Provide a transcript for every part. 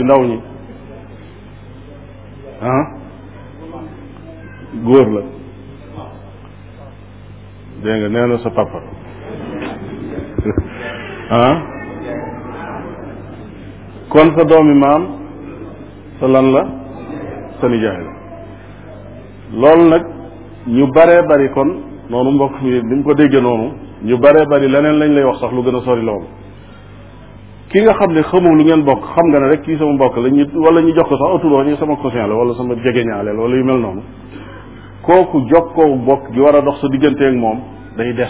ci ndaw ñi ah góor la dégg nga nee sa papa ah kon sa doomi maam sa lan la sa nijaay la loolu nag ñu baree bari kon noonu mbokk mi ni mu ko déggee noonu ñu baree bari leneen lañ lay wax sax lu gën a sori loolu ki nga xam ne xamoo lu ngeen bokk xam nga ne rek kii sama mbokk la ñu wala ñu jox ko sax autour ñu sama cousin la wala sama jegeñaale la wala yu mel noonu kooku jokkoo bokk gi war a dox sa diggante ak moom day des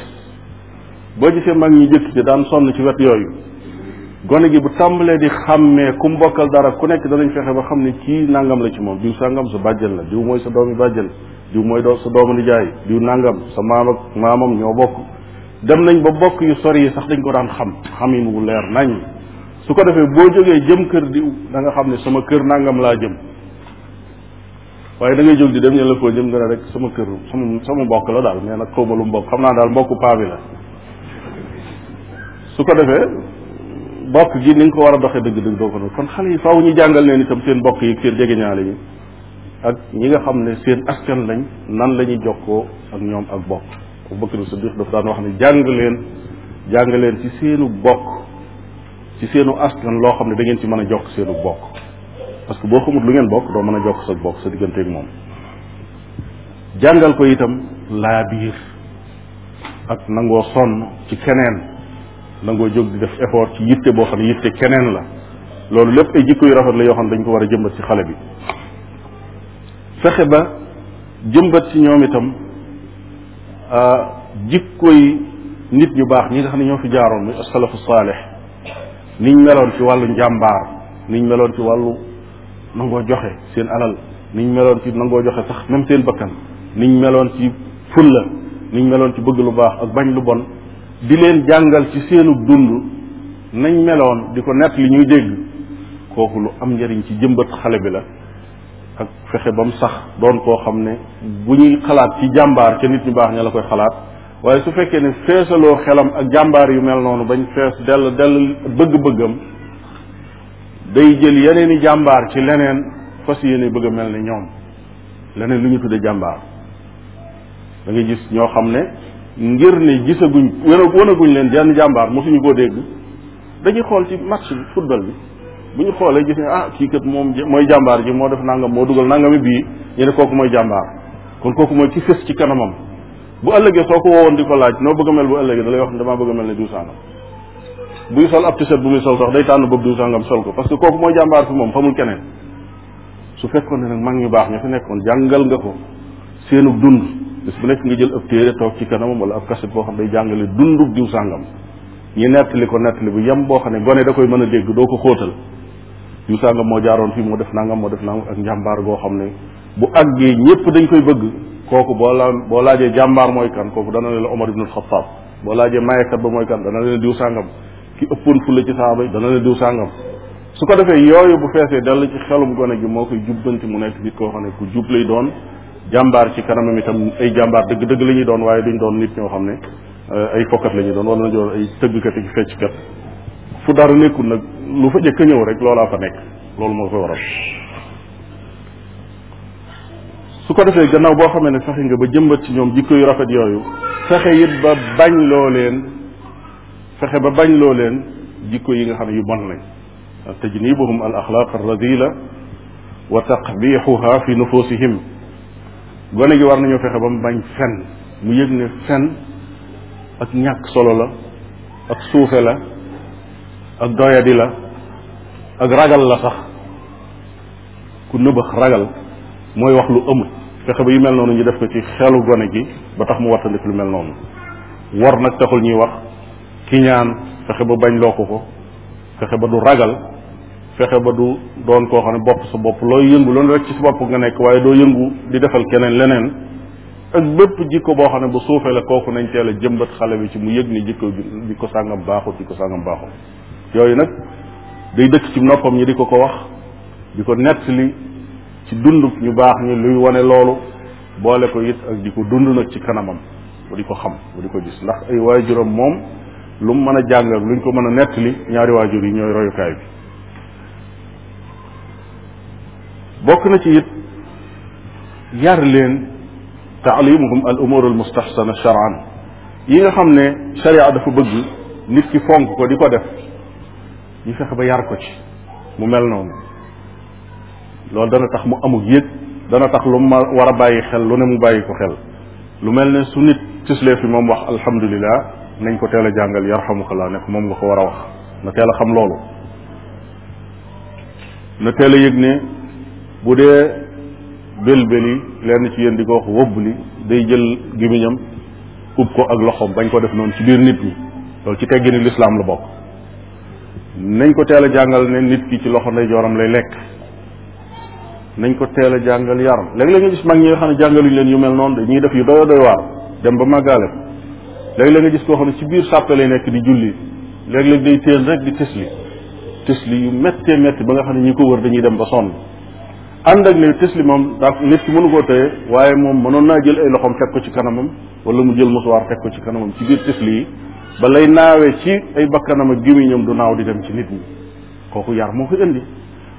boo gisee mag ñi jëkk ci daan sonn ci wet yooyu gone gi bu tàmbalee di xàmmee ku mu bokkal dara ku nekk danañ fexe ba xam ne kii nangam la ci moom diw sangam sa bàjjen la diw mooy sa doomi bàjjen diw mooy doo sa doomu nijaay diw nangam sa maam ak maamam ñoo bokk dem nañ ba bokk yu sori yi sax dañ ko daan xam xam yi mu leer nañ su ko defee boo jógee jëm kër diw danga xam ne sama kër nangam laa jëm waaye da ngay jóg di dem ñu la foo jëm nga ne rek sama kër sama sama mbokk la daal mais nag xaw ma lu mbokk xam naa daal mbokku paabi la su ko defee bokk gi ni nga ko war a doxee dëgg-dëgg doo ko doon kon xale yi faw ñu jàngal leen itam seen bokk yi seen jegeñaale yi ak ñi nga xam ne seen askan lañ nan lañuy jokkoo ak ñoom ak bokk Abubakar Siddiq daf daan wax ne jàng leen jàng leen ci ci seenu askan loo xam ne da ngeen ci mën a jokk seenu bokk parce que boo xamut lu ngeen bokk doo mën a jokk sa bokk sa digganteeg moom jàngal ko itam laa biir ak nangoo sonn ci keneen nangoo jóg di def effort ci yitte boo xam ne yitte keneen la loolu lépp ay jikko yu rafet la yoo xam ne dañ ko war a jëmbat ci xale bi fexe ba jëmbat ci ñoom itam ah, jikko yi nit ñu baax ñi nga xam ne ñoo fi jaaroon muy asalafu saalih niñ meloon ci wàllu njàmbaar niñ meloon ci wàllu nangoo joxe seen alal niñ meloon ci nangoo joxe sax même seen bakkan niñ meloon ci fulla niñ meloon ci bëgg lu baax ak bañ lu bon di leen jàngal ci seenu dund nañ meloon di ko nett li ñuy dégg kooku lu am njëriñ ci jëmbat xale bi la ak fexe ba sax doon koo xam ne bu ñuy xalaat ci jàmbaar ca nit ñu baax ña la koy xalaat waaye su fekkee ne feesaloo xelam ak jàmbaar yu mel noonu bañ fees dell dell bëgg-bëggam day jël yeneen i jàmbaar ci leneen fas yéene bëgg mel ni ñoom leneen lu ñu tudde jàmbaar da gis ñoo xam ne ngir ne gisaguñ wanaguñ leen jenn jàmbaar mosuñu koo dégg dañuy xool ci match bi football bi bu ñu xoolee gis ne ah kii kat moom mooy jàmbaar ji moo def nangam moo dugal nangami bii ñu ne kooku mooy jàmbaar kon kooku mooy ki fës ci kanamam bu ëllëgee soo ko woowoon di ko laaj noo bëgg a mel bu ëllëgee da lay wax ne damaa bëgg a mel ne diw sàngam buy sol ab tiset bu muy sol sax day tànn boobu diw sàngam sol ko parce que kooku mooy jàmbaar fi moom xamul keneen su fekkoon ne nag mag ñu baax ña fi nekkoon jàngal nga ko seenu dund bis bu nekk nga jël ab téere toog ci kanamam wala ab kaset boo xam day jàngale dundub diw sàngam ñu nettali ko nettali bu yem boo xam ne gone da koy mën a dégg doo ko xóotal diw sàngam moo jaaroon fii moo def nangam moo def nangam ak njàmbaar goo xam ne bu àggee ñëpp dañ koy bëgg kooku boo la boo laajee jàmbaar mooy kan kooku dana ne la Omar ibn al-Khattab boo laajee mayekat ba mooy kan dana ne diw sàngam ki ëppoon fulla ci saaba yi dana ne diw sàngam su ko defee yooyu bu feesee dal ci xelum gone gi moo koy jubbanti mu nekk nit koo xam ne ku jub lay doon jàmbaar ci kanamam itam ay jàmbaar dëgg-dëgg la ñuy doon waaye duñ doon nit ñoo xam ne euh, ay fokkat la ñuy doon wala na doon ay tëggkat ak fecckat fu dara nekkul nag lu fa jëkk ñëw rek loolaa fa nekk loolu moo koy waral su ko defee gannaaw boo xamee ne fexe nga ba jëmbat ci ñoom jikko yu rafet yooyu fexe it ba bañ loo leen fexe ba bañ loo leen jikko yi nga xam ne yu bon lañ tajnibuhum al axlaaq arradila wa taqbixuha fi nufusihim gone gi war nañu fexe ba mu bañ fen mu yëg ne fen ak ñàkk solo la ak suufe la ak doyadi la ak ragal la sax ku nëbëx ragal mooy wax lu amul fexe ba yu mel noonu ñu def ko ci xelu gone gi ba tax mu wattandik lu mel noonu war nag taxul ñuy wax ki fexe ba bañ loo ko ko fexe ba du ragal fexe ba du doon koo xam ne bopp sa bopp looy yëngu loolu rek ci sa bopp nga nekk waaye doo yëngu di defal keneen leneen ak bëpp jikko boo xam ne bu suufee la kooku nañ teel a jëmbat xale bi ci mu yëg ni jikko bi ko sàngam baaxut bi ko sàngam baaxut yooyu nag day dëkk ci noppam ñi di ko ko wax di ko ci dundub ñu baax ñi luy wane loolu boole ko it ak di ko dund nag ci kanamam bu di ko xam bu di ko gis ndax ay waajuram moom lu mu mën a jàng ak lu ñu ko mën a nettali ñaari waajur yi ñooy royukaay bi bokk na ci it yar leen taalimuhum al umur al mustahsana charan yi nga xam ne sharia dafa bëgg nit ki fonk ko di ko def ñu fexe ba yar ko ci mu mel noonu loolu dana tax mu amug yëg dana tax lu ma war a bàyyi xel lu ne mu bàyyi ko xel lu mel ne su nit tislee fi moom wax alhamdulilah nañ ko teel a jàngal yarhamukallah ne ko moom nga ko war a wax na teel a xam loolu na teel a yëg ne bu dee bélbéli lenn ci yéen di ko wax wóbb li day jël gémmiñam ub ko ak loxoom bañ ko def noonu ci biir nit ñi loolu ci teggini lislaam la bokk nañ ko teel a jàngal ne nit ki ci loxo ndeyjooram lay lekk nañ ko teel a jàngal yaram léeg-léeg nga gis mag ñi nga xam ne jàngaluñ leen yu mel noonu dañuy def yu doy doy waar dem ba màggaale ko léeg-léeg nga gis koo xam ne ci biir sàppe nekk di julli léeg-léeg day téen rek di tisli tisli yu méttee métti ba nga xam ne ñi ko wër dañuy dem ba sonn ànd ak ne tisli moom daa nit ki mënu koo téye waaye moom mënoon naa jël ay loxoom teg ko ci kanamam wala mu jël musuwaar teg ko ci kanamam ci biir tisli yi ba lay naawee ci ay bakkanam ak gémmiñam du naaw di dem ci nit ñi kooku yar moo ko indi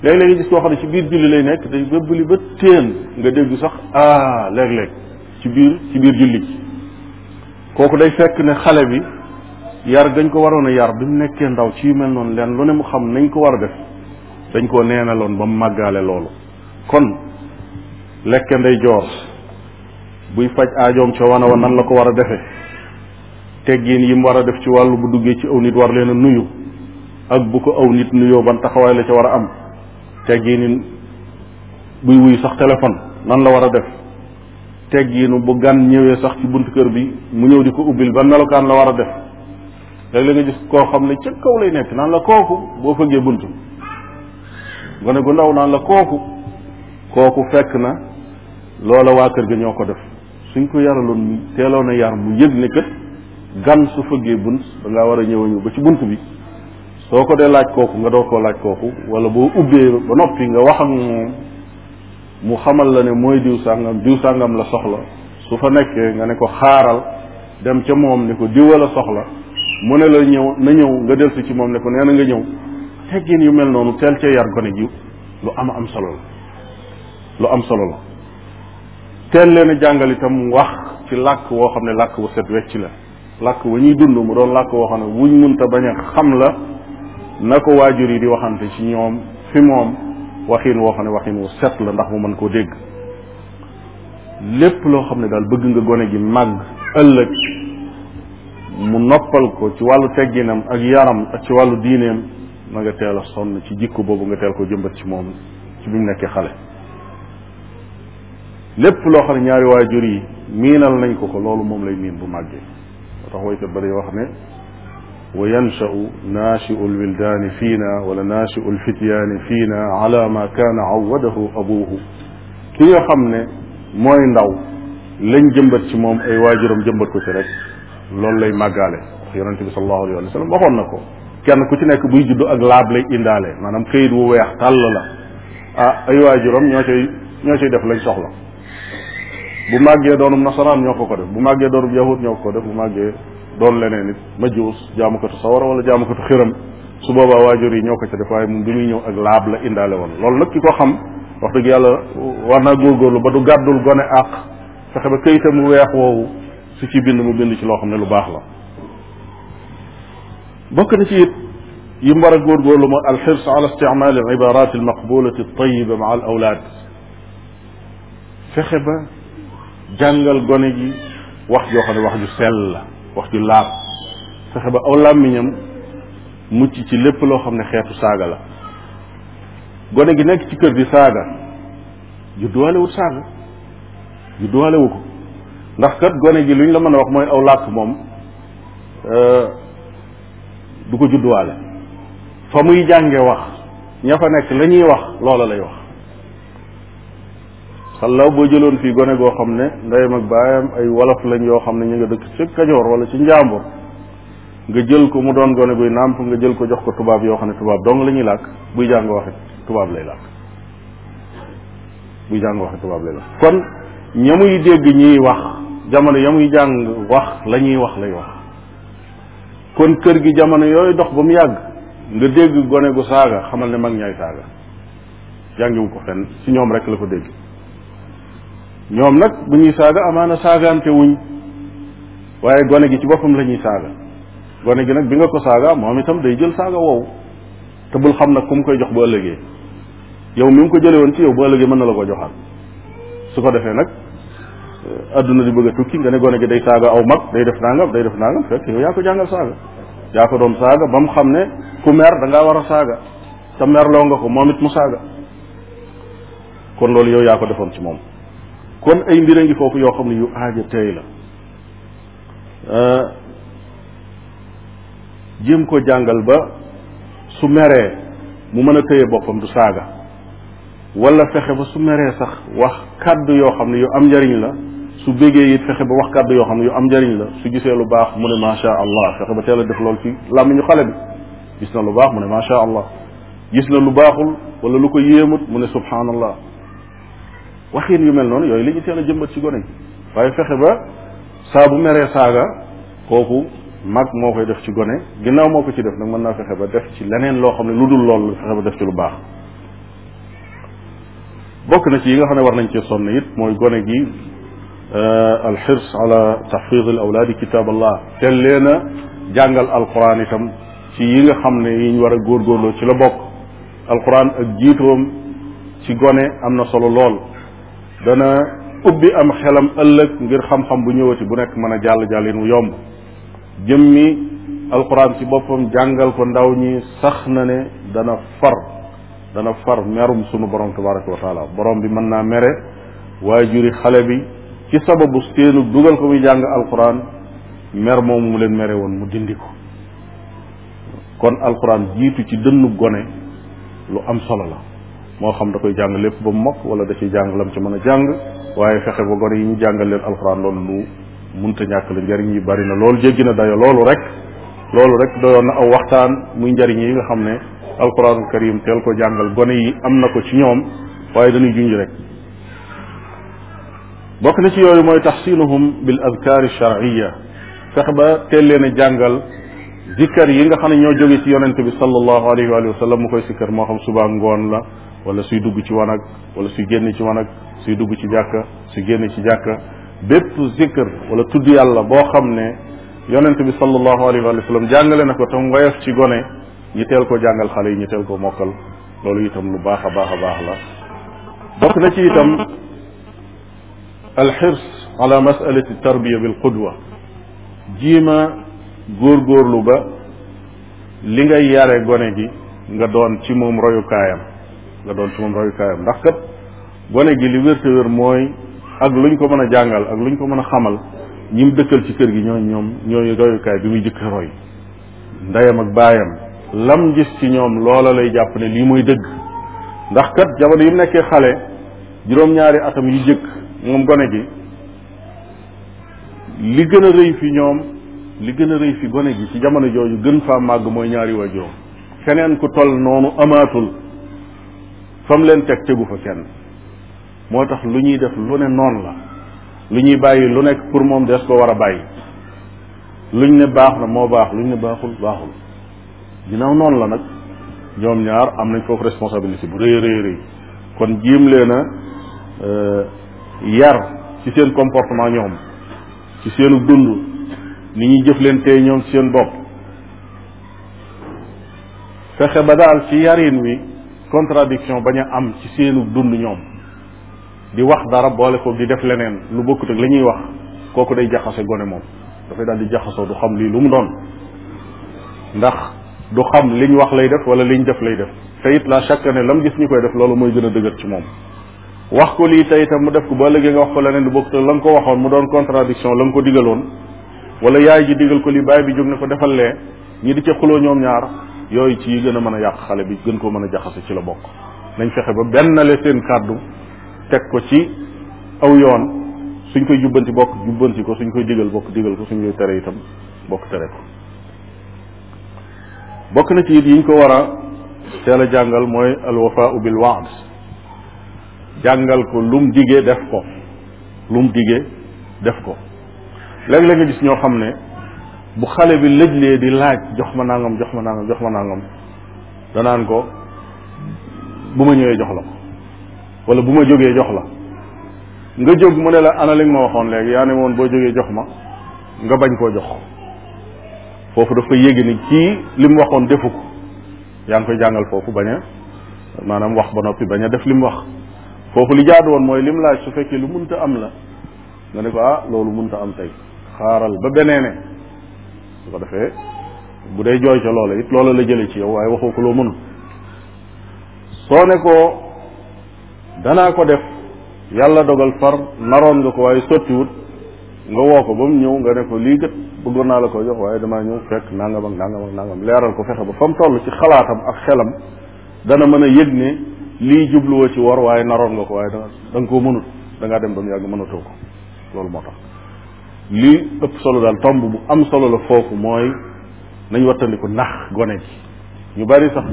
léeg-léeg nga gis koo xam ne ci biir julli lay nekk day li ba téen nga dégg sax ah léeg-léeg ci biir ci biir julli ji kooku day fekk ne xale bi yar gañ ko waroon a yar bi mu nekkee ndaw ci mel noonu leen lu ne mu xam nañ ko war a def dañ koo neenaloon ba mu màggaale loolu kon lekke nday joor buy faj aajoom ca wana wa nan la ko war a defee teggiin yi mu war a def ci wàllu bu duggee ci aw nit war leen a nuyu ak bu ko aw nit nuyoo ban taxawaay la ca war a am teggiinu buy wuy sax téléphone nan la war a def teggiinu bu gan ñëwee sax ci buntu kër bi mu ñëw di ko ubbil ban melokaan la war a def léeg-léeg nga gis koo xam ne ca kaw lay nekk naan la kooku boo fëggee buntu gone gu ndaw naan la kooku kooku fekk na loola waa kër gi ñoo ko def suñ ko yaraloon teeloon a yar mu yëg ne kat gan su fëggee bunt da war a ñëw ba ci bunt bi soo ko dee laaj kooku nga doo koo laaj kooku wala boo ubbee ba noppi nga wax ak moom mu xamal la ne mooy diw sàngam diw sàngam la soxla su fa nekkee nga ne ko xaaral dem ca moom ne ko diwa la soxla mu ne la ñëw na ñëw nga delsi ci moom ne ko nee a nga ñëw teggin yu mel noonu teel cee yar gone ji lu am am solo la lu am solo la teel leen a jàngal itam wax ci làkk woo xam ne làkk wu set wecc la làkk wa ñuy dund mu doon làkk woo xam ne wuñ munta bañ a xam la na ko waajur yi di waxante ci ñoom fi moom waxin woo xam ne waxin wu set la ndax mu mën koo dégg lépp loo xam ne daal bëgg nga gone gi màgg ëllëg mu noppal ko ci wàllu tegginam ak yaram ak ci wàllu diineem na nga teel sonn ci jikko boobu nga teel ko jëmbat ci moom ci bi mu nekkee xale lépp loo xam ne ñaari waajur yi miinal nañ ko ko loolu moom lay miin bu màggee moo tax woykat ba day wax ne wa yansha'u naashi'ul wildaani fiina wala naashi'ul fityaani fiina ala ma kaana awwadahu abuuhu ki nga xam ne mooy ndaw lañ jëmbat ci moom ay waajuram jëmbat ko ci rek loolu lay màggaale wax yonente bi sallallahu alayhi waxoon na ko kenn ku ci nekk buy juddu ak laab lay indaale maanaam këyit wu weex tàll la ah ay waajuram ñoo cay ñoo cay def lañ soxla bu màggee doonum nasaraan ñoo ko ko def bu màggee doonum yahud ñoo ko ko def bu màggee doon leneen it majuus jaamukatu sawara wala jaamukatu xiram su boobaa waajur yi ñoo ko ca def waaye bi muy ñëw ak laab la indaale woon loolu nag ki ko xam wax dëgg yàlla war naa góorgóorlu ba du gàddul gone àq fexe ba këyitam mu weex woowu su ci bind mu bind ci loo xam ne lu baax la bokk na ci it yi mu war a góorgóorlu ma alxirs ala isticmaal al ibarat al maqbulati tayiba ma al awlaad fexe ba jàngal gone gi wax joo xam ne wax ju sell la wax ju laab fexe ba aw làmmiñam mucc ci lépp loo xam ne xeetu saaga la gone gi nekk ci kër gi saaga judduwaalewut saaga judduwaalewu ko ndax kër gone gi lu ñu la mën a wax mooy aw làkk moom euh, du ko judduwaale fa muy jànge wax ña fa nekk la ñuy wax loola lay wax law boo jëloon fii gone goo xam ne ndeyam mag baayam ay wolof lañ yoo xam ne ñu nga dëkk ci kajoor wala ci njàmbur nga jël ko mu doon gone guy nàmp nga jël ko jox ko tubaab yoo xam ne tubaab dong la ñuy làkk buy jàng waxit tubaab lay làkk buy jàng waxit tubaab lay làkk kon ña muy dégg ñuy wax jamono ya muy jàng wax la ñuy wax lay wax kon kër gi jamono yooyu dox ba mu yàgg nga dégg gone gu saaga xamal ne mag ñaay saaga jàngiwu ko fenn ci ñoom rek la ko dégg ñoom nag bu ñuy saaga amaana saagaante wuñ waaye gone gi ci boppam la ñuy saaga gone gi nag bi nga ko saaga moom itam day jël saaga wow te bul xam nag ku mu koy jox bu yow mi mu ko jële woon ci yow bu ëllëgee mën na la ko joxaat su ko defee nag euh, adduna di bëgg a tukki nga ne gone gi day saaga aw mag day def nangam day def nangam fekk yow yaa ko yaa ko doon saaga ba xam ne ku mer da ngaa war a saaga te loo nga ko moom it mu saaga kon loolu yow yaa ko defoon ci moom kon ay mbir a ngi foofu yoo xam ne yu aaja tey la ah, jéem ko jàngal ba su meree mu mën a téye boppam du saaga walla fexe ba su meree sax wax kàddu yoo xam ne yu am njariñ la su bégee it fexe ba wax kàddu yoo xam ne yu am njariñ la su gisee lu baax mu ne macha allah fexe ba teel a def loolu ci làmmiñu xale bi gis na lu baax mu ne macha allah gis na lu baaxul wala lu ko yéemut mu ne subhanallah waxin yu mel noonu yooyu li ñu teel a jëmbat ci gone gi waaye fexe ba saa bu meree saaga kooku mag moo koy def ci gone ginnaaw moo ko ci def nag mën naa fexe ba def ci leneen loo xam ne lu dul loolu fexe ba def ci lu baax bokk na ci yi nga xam ne war nañ cee sonn it mooy gone gi euh, al xirs ala tahfiz al awlaadi kitab allah tel leen a jàngal alquran itam ci yi nga xam ne yiñ war a góor góorgóorloo ci la bokk alquran ak jiitoom ci gone am na solo lool dana ubbi am xelam ëllëg ngir xam-xam bu ñëwati bu nekk mën a jàll jàllin wu yomb jëmmi alquran ci boppam jàngal ko ndaw ñi sax na ne dana far dana far merum sunu borom tabaraka wa taala borom bi mën naa mere waaye juri xale bi ci sababu seenu dugal ko muy jàng alxuraan mer moomu mu leen mere woon mu dindi ko kon alquran jiitu ci dënnu gone lu am solo la moo xam da koy jàng lépp ba mu mokk wala da ciy jàng lam ci mën a jàng waaye fexe ba gone yi ñu jàngal leen alxuraan loolu lu munta ñàkk la njariñ yi bari na loolu jéggi na dayo loolu rek loolu rek doyoon na aw waxtaan muy njariñ yi nga xam ne alxuraanul karim teel ko jàngal gone yi am na ko ci ñoom waaye dañuy junj rek bokk na ci yooyu mooy taxsinuhum bil azkaar sharciya fexe ba teel leen a jàngal zikkar yi nga xam ne ñoo jóge ci yonente bi sallallahu alayhi wa sallam mu koy sikkar moo xam subaa ngoon la wala suy dugg ci wanag wala suy génn ci wanag suy dugg ci jàkka suy génn ci jàkka bépp zikr wala tudd yàlla boo xam ne yonent bi sallallahu alayhi wa sallam jàngale na ko tam woyof ci gone ñi teel ko jàngal xale yi ñi teel ko mokkal loolu itam lu baax a baax a baax la bokk na ci itam alxirs ala masalati tarbiya bil qudwa jiima góorgóorlu ba li ngay yare gone gi nga doon ci moom royukaayam nga doon ci moom royukaayam ndax kat gone gi li wér wér mooy ak luñ ko mën a jàngal ak luñ ko mën a xamal ñi dëkkal ci kër gi ñooy ñoom ñooy royukaay bi muy jëkk roy ndeyam ak baayam lam gis ci ñoom loola lay jàpp ne lii mooy dëgg ndax kat jamono yi mu nekkee xale juróom-ñaari atam yu jëkk moom gone gi li gën a rëy fi ñoom li gën a rëy fi gone gi ci jamono jooju gën faa màgg mooy ñaari waajuram keneen ku toll noonu amaatul fa leen teg tegu fa kenn moo tax lu ñuy def lu ne noon la lu ñuy bàyyi lu nekk pour moom des ko war a bàyyi luñ ne baax na moo baax luñ ne baaxul baaxul ginnaaw noon la nag ñoom ñaar am nañ foofu responsabilité bu rëy rëy rëy kon jiim leen a euh, yar ci seen comportement ñoom ci seenu dund ni ñuy jëf leen tey ñoom ci seen bopp fexe ba daal ci yarin wi contradiction bañ a am ci seenu dund ñoom di wax dara boole ko di def leneen lu bokkut ak la ñuy wax kooku day jaxase gone moom dafay daal di jaxasoo du xam lii lu mu doon ndax du xam liñ wax lay def wala liñ def lay def te it la chaque année lam gis ñu koy def loolu mooy gën a dëgër ci moom wax ko lii tey itam mu def ko ba léegi nga wax ko leneen lu bokkut ak la nga ko waxoon mu doon contradiction la nga ko digaloon wala yaay ji digal ko li baay bi jóg ne ko defal lee ñi di ca ñoom ñaar yooyu ci yi gën a mën a yàq xale bi gën koo mën a jaxase ci la bokk nañ fexe ba bennale seen kàddu teg ko ci aw yoon suñ koy jubbanti bokk jubbanti ko suñ koy digal bokk digal ko suñ koy tere itam bokk tere ko bokk na ci it yiñ ko war a teel a jàngal mooy alwafaau bil waad jàngal ko lum digee def ko lum digee def ko léeg-léeg nga gis ñoo xam ne bu xale bi lee di laaj jox ma nàngam jox ma nangam jox ma nangam danaan ko bu ma ñëwee jox la ko wala bu ma jógee jox la nga jóg mu ne la ana li nga ma waxoon léegi yaa ne woon boo jógee jox ma nga bañ koo jox foofu dafa yéegi ni kii li mu waxoon defu ko yaa ngi koy jàngal foofu bañ a maanaam wax ba noppi bañ a def li mu wax foofu li jaadu woon mooy lim laaj su fekkee lu munta am la nga ne ko ah loolu munta am tey xaaral ba beneen su ko defee bu dee jooy ca loola it loola la jële ci yow waaye waxoo ko loo mënul soo ne ko danaa ko def yàlla dogal far naroon nga ko waaye sottiwut nga woo ko ba mu ñëw nga ne ko lii gët bëggoon naa la ko jox waaye damaa ñëw fekk nangam ak nangam ak nangam leeral ko fexe ba fa mu toll ci xalaatam ak xelam dana mën a yëg ne lii jubluwoo ci war waaye naroon nga ko waaye da da nga koo mënut da dem ba mu yàgg mënatoo ko loolu moo tax li ëpp solo daal tomb bu am solo la foofu mooy nañ wattandiku nax gone ji ñu bari sax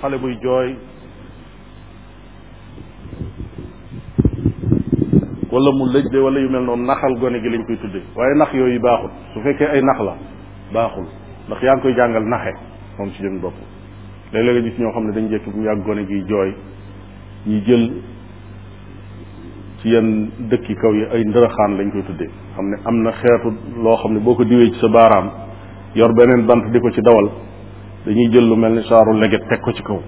xale buy jooy wala mu lëj de wala yu mel noonu naxal gone gi lañ koy tuddee waaye nax yooyu baaxul su fekkee ay nax la baaxul ndax yaa ngi koy jàngal naxe moom ci jëm bopp léeg-léeg nga gis ñoo xam ne dañ jekk bu mu yàgg gone giy jooy ñi jël ci yenn dëkki kaw yi ay ndërëxaan lañ koy tuddee xam ne am na xeetu loo xam ne boo ko diwee ci sa baaraam yor beneen bant di ko ci dawal dañuy jël lu mel ni saaru leget teg ko ci kaw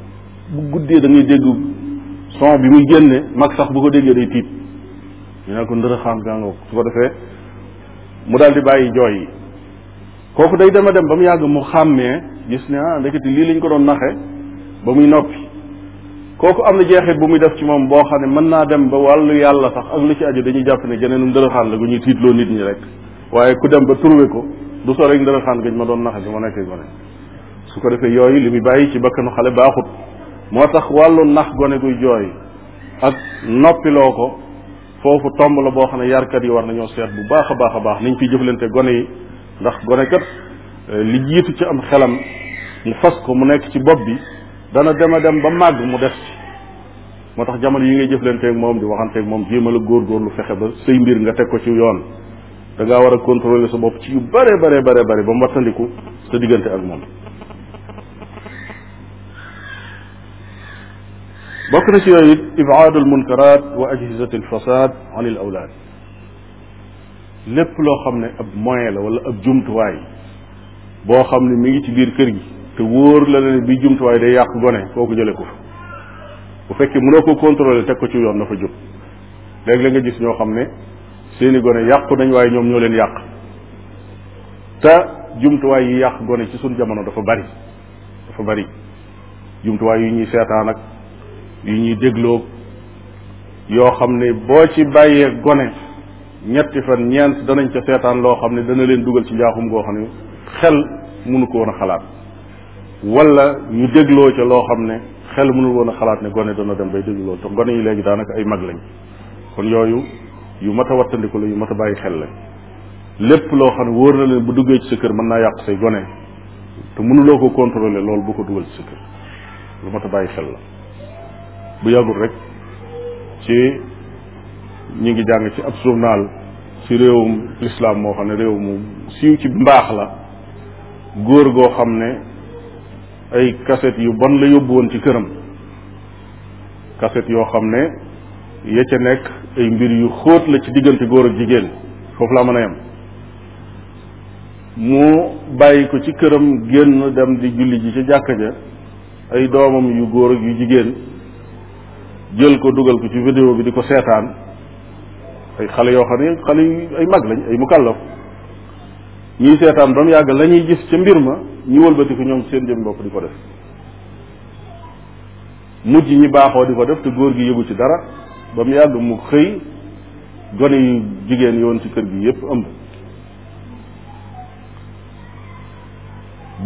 bu guddee da ngay dégg son bi mu génne mag sax bu ko déggee day tiit ñu ne ko ndërëxaan gàngoo su ko defee mu daal di bàyyi jooy yi kooku day dema dem ba mu yàgg mu xàmmee gis ne ah ndekete lii lañ ko doon naxe ba muy noppi kooku am na jeexit bu muy def ci moom boo xam ne mën naa dem ba wàllu yàlla sax ak lu ci aju dañuy jàpp ne geneenum ndërëxaan la gu ñuy tiitloo nit ñi rek waaye ku dem ba trouvé ko du soo rek ndërëxaan gañ ma doon naxa bi ma nekk gone su ko defee yooyu li muy bàyyi ci bakkanu xale baaxut moo tax wàllu nax gone guy jooy ak noppiloo ko foofu tomb la boo xam ne yarkat yi war nañoo seet bu baax a baax a baax niñ ciy jëflante gone yi ndax gone kat eh, li jiitu ci am xelam mu fas ko mu nekk ci bopp bi dana dem a dem ba màgg mu def ci moo tax jamono yi ngay jëflanteeg moom di waxanteeg moom jéemal a góor góorgóorlu fexe ba say mbir nga teg ko ci yoon danga war a contrôler sa bopp ci yu bare bare bare bare ba mu sa diggante ak moom bokk na ci yooyu it ibaadu almunkarat wa ajhizat alfasad an al lépp loo xam ne ab moyen la wala ab jumtuwaay boo xam ne mu ngi ci biir kër gi te wóor la ne bi jumtuwaay day yàq gone kooku jëlee ko bu fekkee mënoo ko contrôler teg ko ci yoon dafa jub léeg-léeg nga gis ñoo xam ne seeni gone yàqu nañ waaye ñoom ñoo leen yàq te jumtuwaay yi yàq gone ci suñ jamono dafa bari dafa bari jumtuwaay yu ñuy seetaan ak yu ñuy dégloo yoo xam ne boo ci bàyyee gone ñetti fan ñeent danañ ca seetaan loo xam ne dana leen dugal ci njaaxum goo xam ne xel mënu ko woon a xalaat wala ñu dégloo ca loo xam ne xel mënul woon a xalaat ne gone dana dem bay déglu loolu te gone yi léegi daanaka ay mag lañ kon yooyu yu mat a wattandiku la yu mat a bàyyi xel la lépp loo xam ne wóor na leen bu duggee ci kër mën naa yàq gone te mënuloo ko contrôler loolu bu ko dugal lu mat a bàyyi xel la bu yàggul rek ci ñu ngi jàng ci ab journal ci réewum lislaam moo xam ne réew mu siiw ci mbaax la góor goo xam ne ay kaset yu bon la yóbbu woon ci këram kaset yoo xam ne ya ca nekk ay mbir yu xóot la ci diggante góor ak jigéen foofu la mën a yem mu bàyyi ko ci këram génn dem di julli ji ci jàkka ja ay doomam yu góor ak yu jigéen jël ko dugal ko ci vidéo bi di ko seetaan ay xale yoo xam ne xale yu ay mag lañ ay mukallaf ñuy seetaan ba mu yàgg lañuy gis ca mbir ma ñu wëlbatiku ñoom seen jëm bopp di ko def mujj ñi baaxoo di ko def te góor gi yëgu ci dara ba mu yàgg mu xëy gone yu jigéen yoon ci kër gi yépp ëmb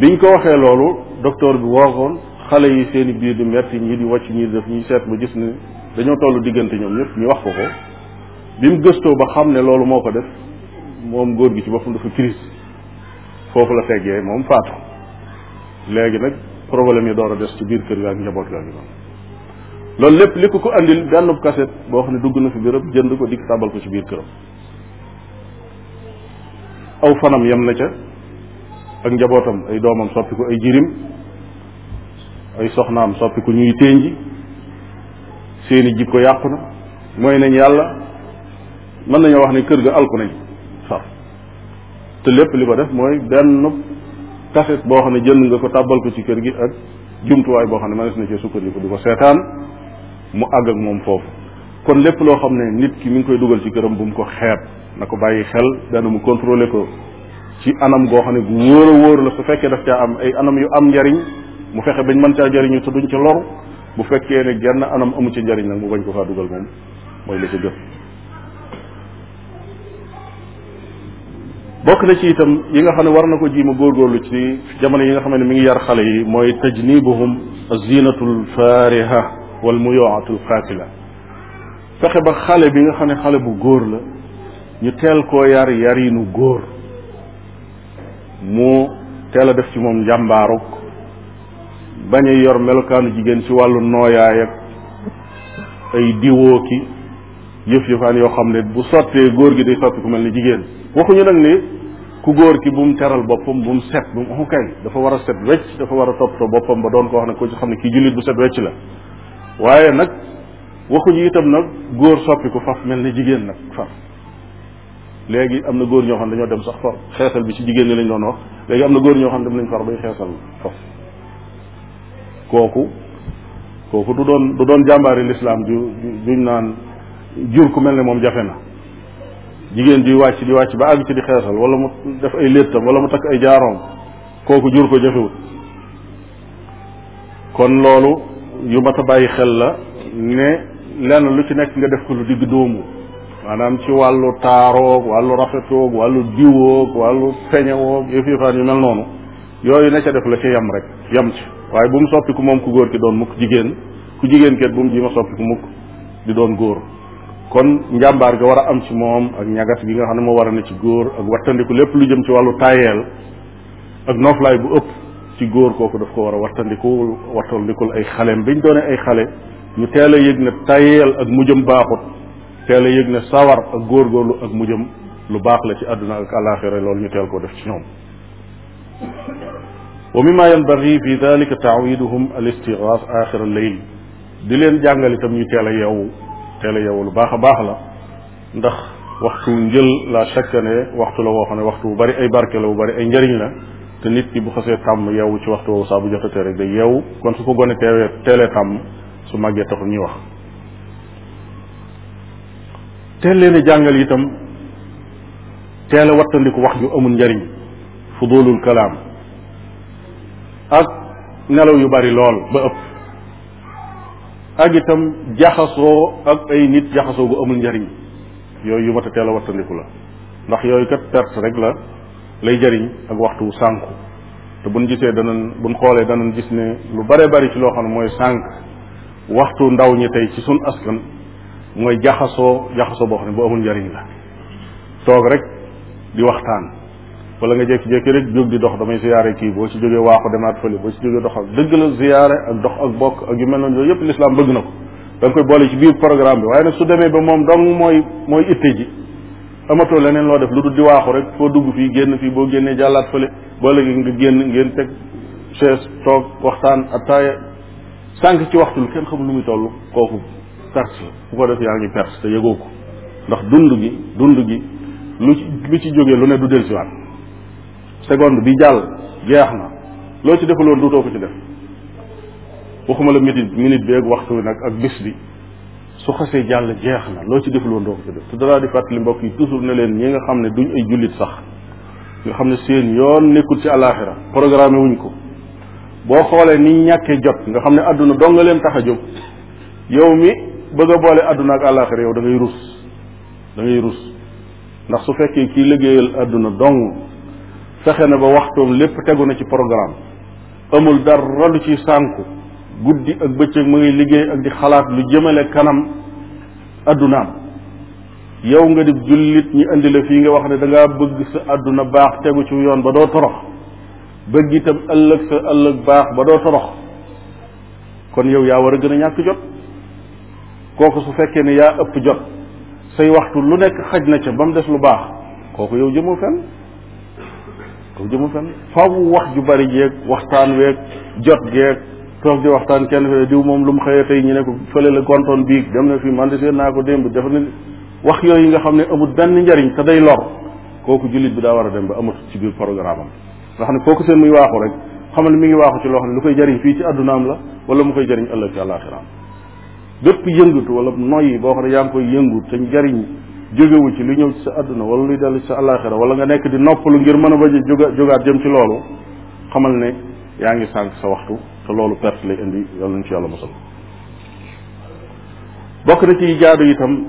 biñ ko waxee loolu docteur bi wookoon xale yi seen biir di metti ñi di wàcc ñi def ñi seet mu gis ni dañoo toll diggante ñoom ñëpp ñu wax ko ko bi mu gëstoo ba xam ne loolu moo ko def moom góor gi ci boppam dafa crise foofu la feggee moom faatu léegi nag problème yi doon a des ci biir kër ga ak njaboot ga ak noonu loolu lépp li ko ko andil benn kaset boo xam ne dugg na fi béréb jënd ko dikk tàbbal ko ci biir këram aw fanam yem na ca ak njabootam ay doomam soppi ko ay jirim ay soxnaam soppi ko ñuy ténji seeni jikko yàqu na mooy nañ yàlla mën nañoo wax ne kër ga alku nañ te lépp li ko def mooy benn kaset boo xam ne jënd nga ko tàbbal ko ci kër gi ak jumtuwaay boo xam ne mënees na cee sukkandiku di ko seetaan mu àgg ak moom foofu kon lépp loo xam ne nit ki mu ngi koy dugal ci këram bu mu ko xeeb na ko bàyyi xel benn mu contrôler ko ci anam goo xam ne gu wóor wóor la su fekkee daf caa am ay anam yu am njariñ mu fexe bañ mën caa jariñu te duñ ca loru bu fekkee ne genn anam amu ci njariñ nag mu bañ ko faa dugal moom mooy li ci gën bokk na ci itam yi nga xam ne war na ko jiima góorgóorlu ci jamono yi nga xam ne mu ngi yar xale yi mooy tajnibuhum azinatu alfaariha wal muyoatu alqaatila fexe ba xale bi nga xam ne xale bu góor la ñu teel koo yar yarinu góor mu teel a def ci moom njàmbaaruk bañ a yor melokaanu jigéen ci wàllu nooyaay ak ay diwoo ki yëf yëfaan yoo xam ne bu sottee góor gi di sotti ku mel ni jigéen waxuñu nag ni ku góor ki bu mu teral boppam bu mu set bu mu kay dafa war a set wecc dafa war a toppatoo boppam ba doon ko wax ne ko ci xam ne kii jullit bu set wecc la waaye nag waxuñu itam nag góor soppi ko faf mel ni jigéen nag faf léegi am na góor ñoo xam ne dañoo dem sax far bi ci jigéen ñi lañ doon léegi am na góor ñoo xam ne dem nañ far bay xeesal faf kooku kooku du doon du doon jàmbaari lislaam ju juñ naan jur ku mel ni moom jafe na jigéen juy wàcc di wàcc ba àgg ci di xeesal wala mu def ay léttam wala mu takk ay jaaroom kooku jur ko jafewut kon loolu yu mat a bàyyi xel la ne lenn lu ci nekk nga def ko lu digg dóomu maanaam ci wàllu taaroog wàllu rafetoog wàllu diwoog wàllu peñewoog yëf yëfaan yu mel noonu yooyu na ca def la ca yam rek yam ci waaye bu mu ku moom ku góor ki doon mukk jigéen ku jigéen ket bu mu ji ma soppiku mukk di doon góor kon njàmbaar gi war a am ci moom ak ñagas gi nga xam ne moo war a ne ci góor ak wattandiku lépp lu jëm ci wàllu taayeel ak nooflaay bu ëpp ci góor kooku daf ko war a wattandikul wattandikul ay xaleem biñ doone ay xale ñu teel a yëg ne taayeel ak mujjëm baaxut teel a yëg ne sawar ak góor góorgóorlu ak mujjëm lu baax la ci àdduna ak alaxira loolu ñu teel koo def ci ñoom wa mimma yanbaghi fi dalika taawiduhum al istighas axira al layl di leen jàngal itam ñu teel a yeewu teel a lu baax a baax la ndax waxtu njël la chaque waxtu la woo xam ne waxtu bu bari ay barke la bu bari ay njëriñ la te nit ki bu xasee tàmm yeewu ci waxtu woowu saa bu jotatee rek day yeewu kon su ko gone teewee teelee tàmm su màggee taxul ñuy wax teel leen jàngal yitam teel a wattandiku wax ju amul njariñ fudulul kalaam ak nelaw yu bari lool ba ëpp ak itam jaxasoo ak ay nit jaxasoo gu amul njariñ yooyu yu mat la teel wattandiku la ndax yooyu kat perte rek la lay jariñ ak waxtu sànku te bu buñ gisee danañ buñ xoolee danañ gis ne lu bare bari ci loo xam ne mooy sànk waxtu ndaw ñi tey ci sun askan mooy jaxasoo jaxasoo boo xam ne bu amul njariñ la toog rek di waxtaan wala nga jékki-jékki rek jóg di dox damay ziyaare kii boo ci jógee waaxu demaat fële boo ci jógee doxal dëgg la ziyaare ak dox ak bokk ak yu mel noonu yooyu yëpp lislaam bëgg na ko da nga koy boole ci biir programme bi waaye nag su demee ba moom dong mooy mooy itte ji amatoo leneen loo def lu dul di waaxu rek foo dugg fii génn fii boo génnee jàllaat fële boo léegi nga génn ngeen teg chaise toog waxtaan attaaya sànq ci waxtu kenn xamul lu muy toll kooku perte la bu ko def yaa yëgoo ko ndax dund gi dund gi lu ci jógee lu ne du dellusiwaat seconde bi jàll jeex na loo ci defuloon duutoo ko ci def waxuma la minute minute bi ak waxtu wi nag ak bis bi su xasee jàll jeex na loo ci defuloon doo ko ci def te danaa di fàttali mbokk yi toujours ne leen ñi nga xam ne du ay jullit sax nga xam ne seen yoon nekkul ci alaxira programme wuñ ko boo xoolee ni ñàkkee jot nga xam ne àdduna dong nga leen tax a jóg yow mi bëgg a boole àdduna ak alaxira yow da ngay rus da ndax su fekkee kii liggéeyal adduna dong fexe na ba waxtoom lépp tegu na ci programme amul dara lu ci sànku guddi ak bëccëg mu ngi liggéey ak di xalaat lu jëmale kanam addunaam yow nga di jullit ñi indi la fii nga wax ne da ngaa bëgg sa adduna baax tegu ci yoon ba doo torox bëgg itam ëllëg sa ëllëg baax ba doo torox kon yow yaa war a gën a ñàkk jot kooku su fekkee ne yaa ëpp jot say waxtu lu nekk xaj na ca ba mu des lu baax kooku yow jëmoo fenn kooku jëmul fenn faaw wax ju bari jeeg waxtaan weeg jot geeg toog di waxtaan kenn fee diw moom lu mu xëyee tey ñu ne ko fële la gontoon biig dem na fii man de seen naa ko démb def na wax yooyu nga xam ne amul benn njariñ te day lor kooku jullit bi daa war a dem ba amatut ci biir programme am nga xam ne kooku seen muy waaxu rek xamal mi ngi waaxu ci loo xam ne lu koy jariñ fii ci addunaam la wala mu koy jariñ ëllëg ci àllaaxiraam bépp yëngatu wala noyyi boo xam ne yaa koy yëngu te njariñ jógewu ci lu ñëw ci sa àdduna wala luy dellu ci sa àllaaxira wala nga nekk di noppalu ngir mën a bañ a jóga jëm ci loolu xamal ne yaa ngi sànq sa waxtu te loolu perte la indi yal nañ ci yàlla mosal bokk na ci jaadu itam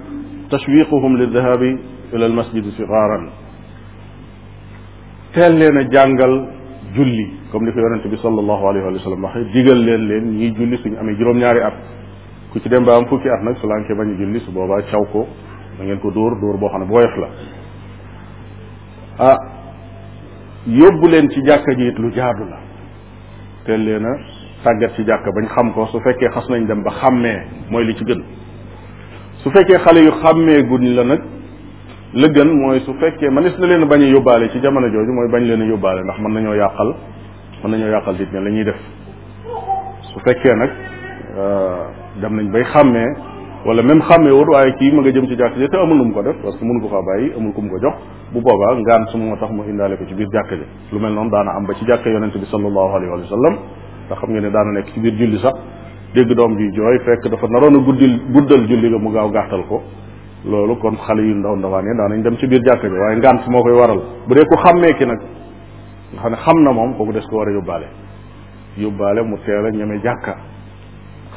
tashwiquhum li dahabi ila al masjidi sigaaran teel leen a jàngal julli comme li ko yonente bi sallallahu alayhi wa digal leen leen ñiy julli ñu amee juróom-ñaari at ku ci dem ba am fukki at nag su lànkee bañ a julli su boobaa caw ko dangeen ko dóor dóor boo xam ne bu woyof la ah yóbbu leen ci jàkka ji it lu jaadu la teel leen a tàggat ci jàkka bañ xam ko su fekkee xas nañ dem ba xàmmee mooy li ci gën su fekkee xale yu xàmmee guñ la nag la gën mooy su fekkee mënees na leen bañ a yóbbaale ci jamono jooju mooy bañ leen a yóbbaale ndax mën nañoo yàqal mën nañoo yàqal nit ñi la ñuy def su fekkee nag euh, dem nañ bay xàmmee wala même xàmmeewut waaye kii ma nga jëm ci jàkk ja te amul nu mu ko def parce que mënu ko faa bàyyi amul ku mu ko jox bu boobaa ngaan su moo tax ko ci biir jàkk lu mel noonu daana am ba ci jàkk yonente bi sallallahu alayhi wa nga ne daana nekk ci biir julli sax dégg doom ji jooy fekk dafa naroon a guddil guddal julli ga mu gaaw gàttal ko loolu kon xale yu ndaw ndawaane daanañ dem ci biir jàkk ja waaye ngaan su moo koy waral bu dee ku xàmmee ki nag nga xam ne xam na moom kooku des ko war a yóbbaale yóbbaale mu teel a ñeme jàkka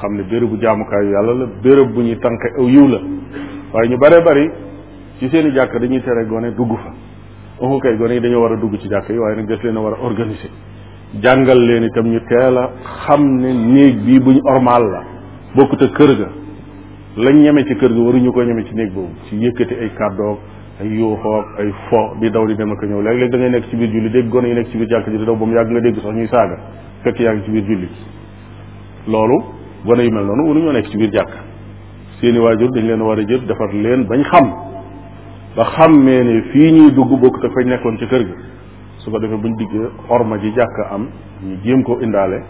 xam ne bu jaamukaayu yàlla la béréb bu ñuy tànk aw yiw la waaye ñu bare bari ci seen i jàkk dañuy tere gone dugg fa oxu kay gone yi dañoo war a dugg ci jàkk yi waaye nag des leen a war a organiser jàngal leen itam ñu teel a xam ne néeg bu ñu ormaal la bokkut ak kër ga lañ ñeme ci kër ga waruñu ko ñeme ci néeg boobu ci yëkkati ay kàddoog ay yuuxoog ay fo di daw di dem ak ñëw léeg-léeg da ngay nekk ci biir julli dégg gone yi nekk ci biir jàkk ji di daw yàgg nga dégg ñuy saaga fekk yaa ngi gone yu mel noonu ñoo nekk ci biir jàkk seeni waajur dañ leen war a jël defar leen bañ xam ba xammee ne fii ñuy dugg bokk te fañ nekkoon ci kër gi su ko defee buñ diggee orma ji jàkk am ñu jéem ko indaale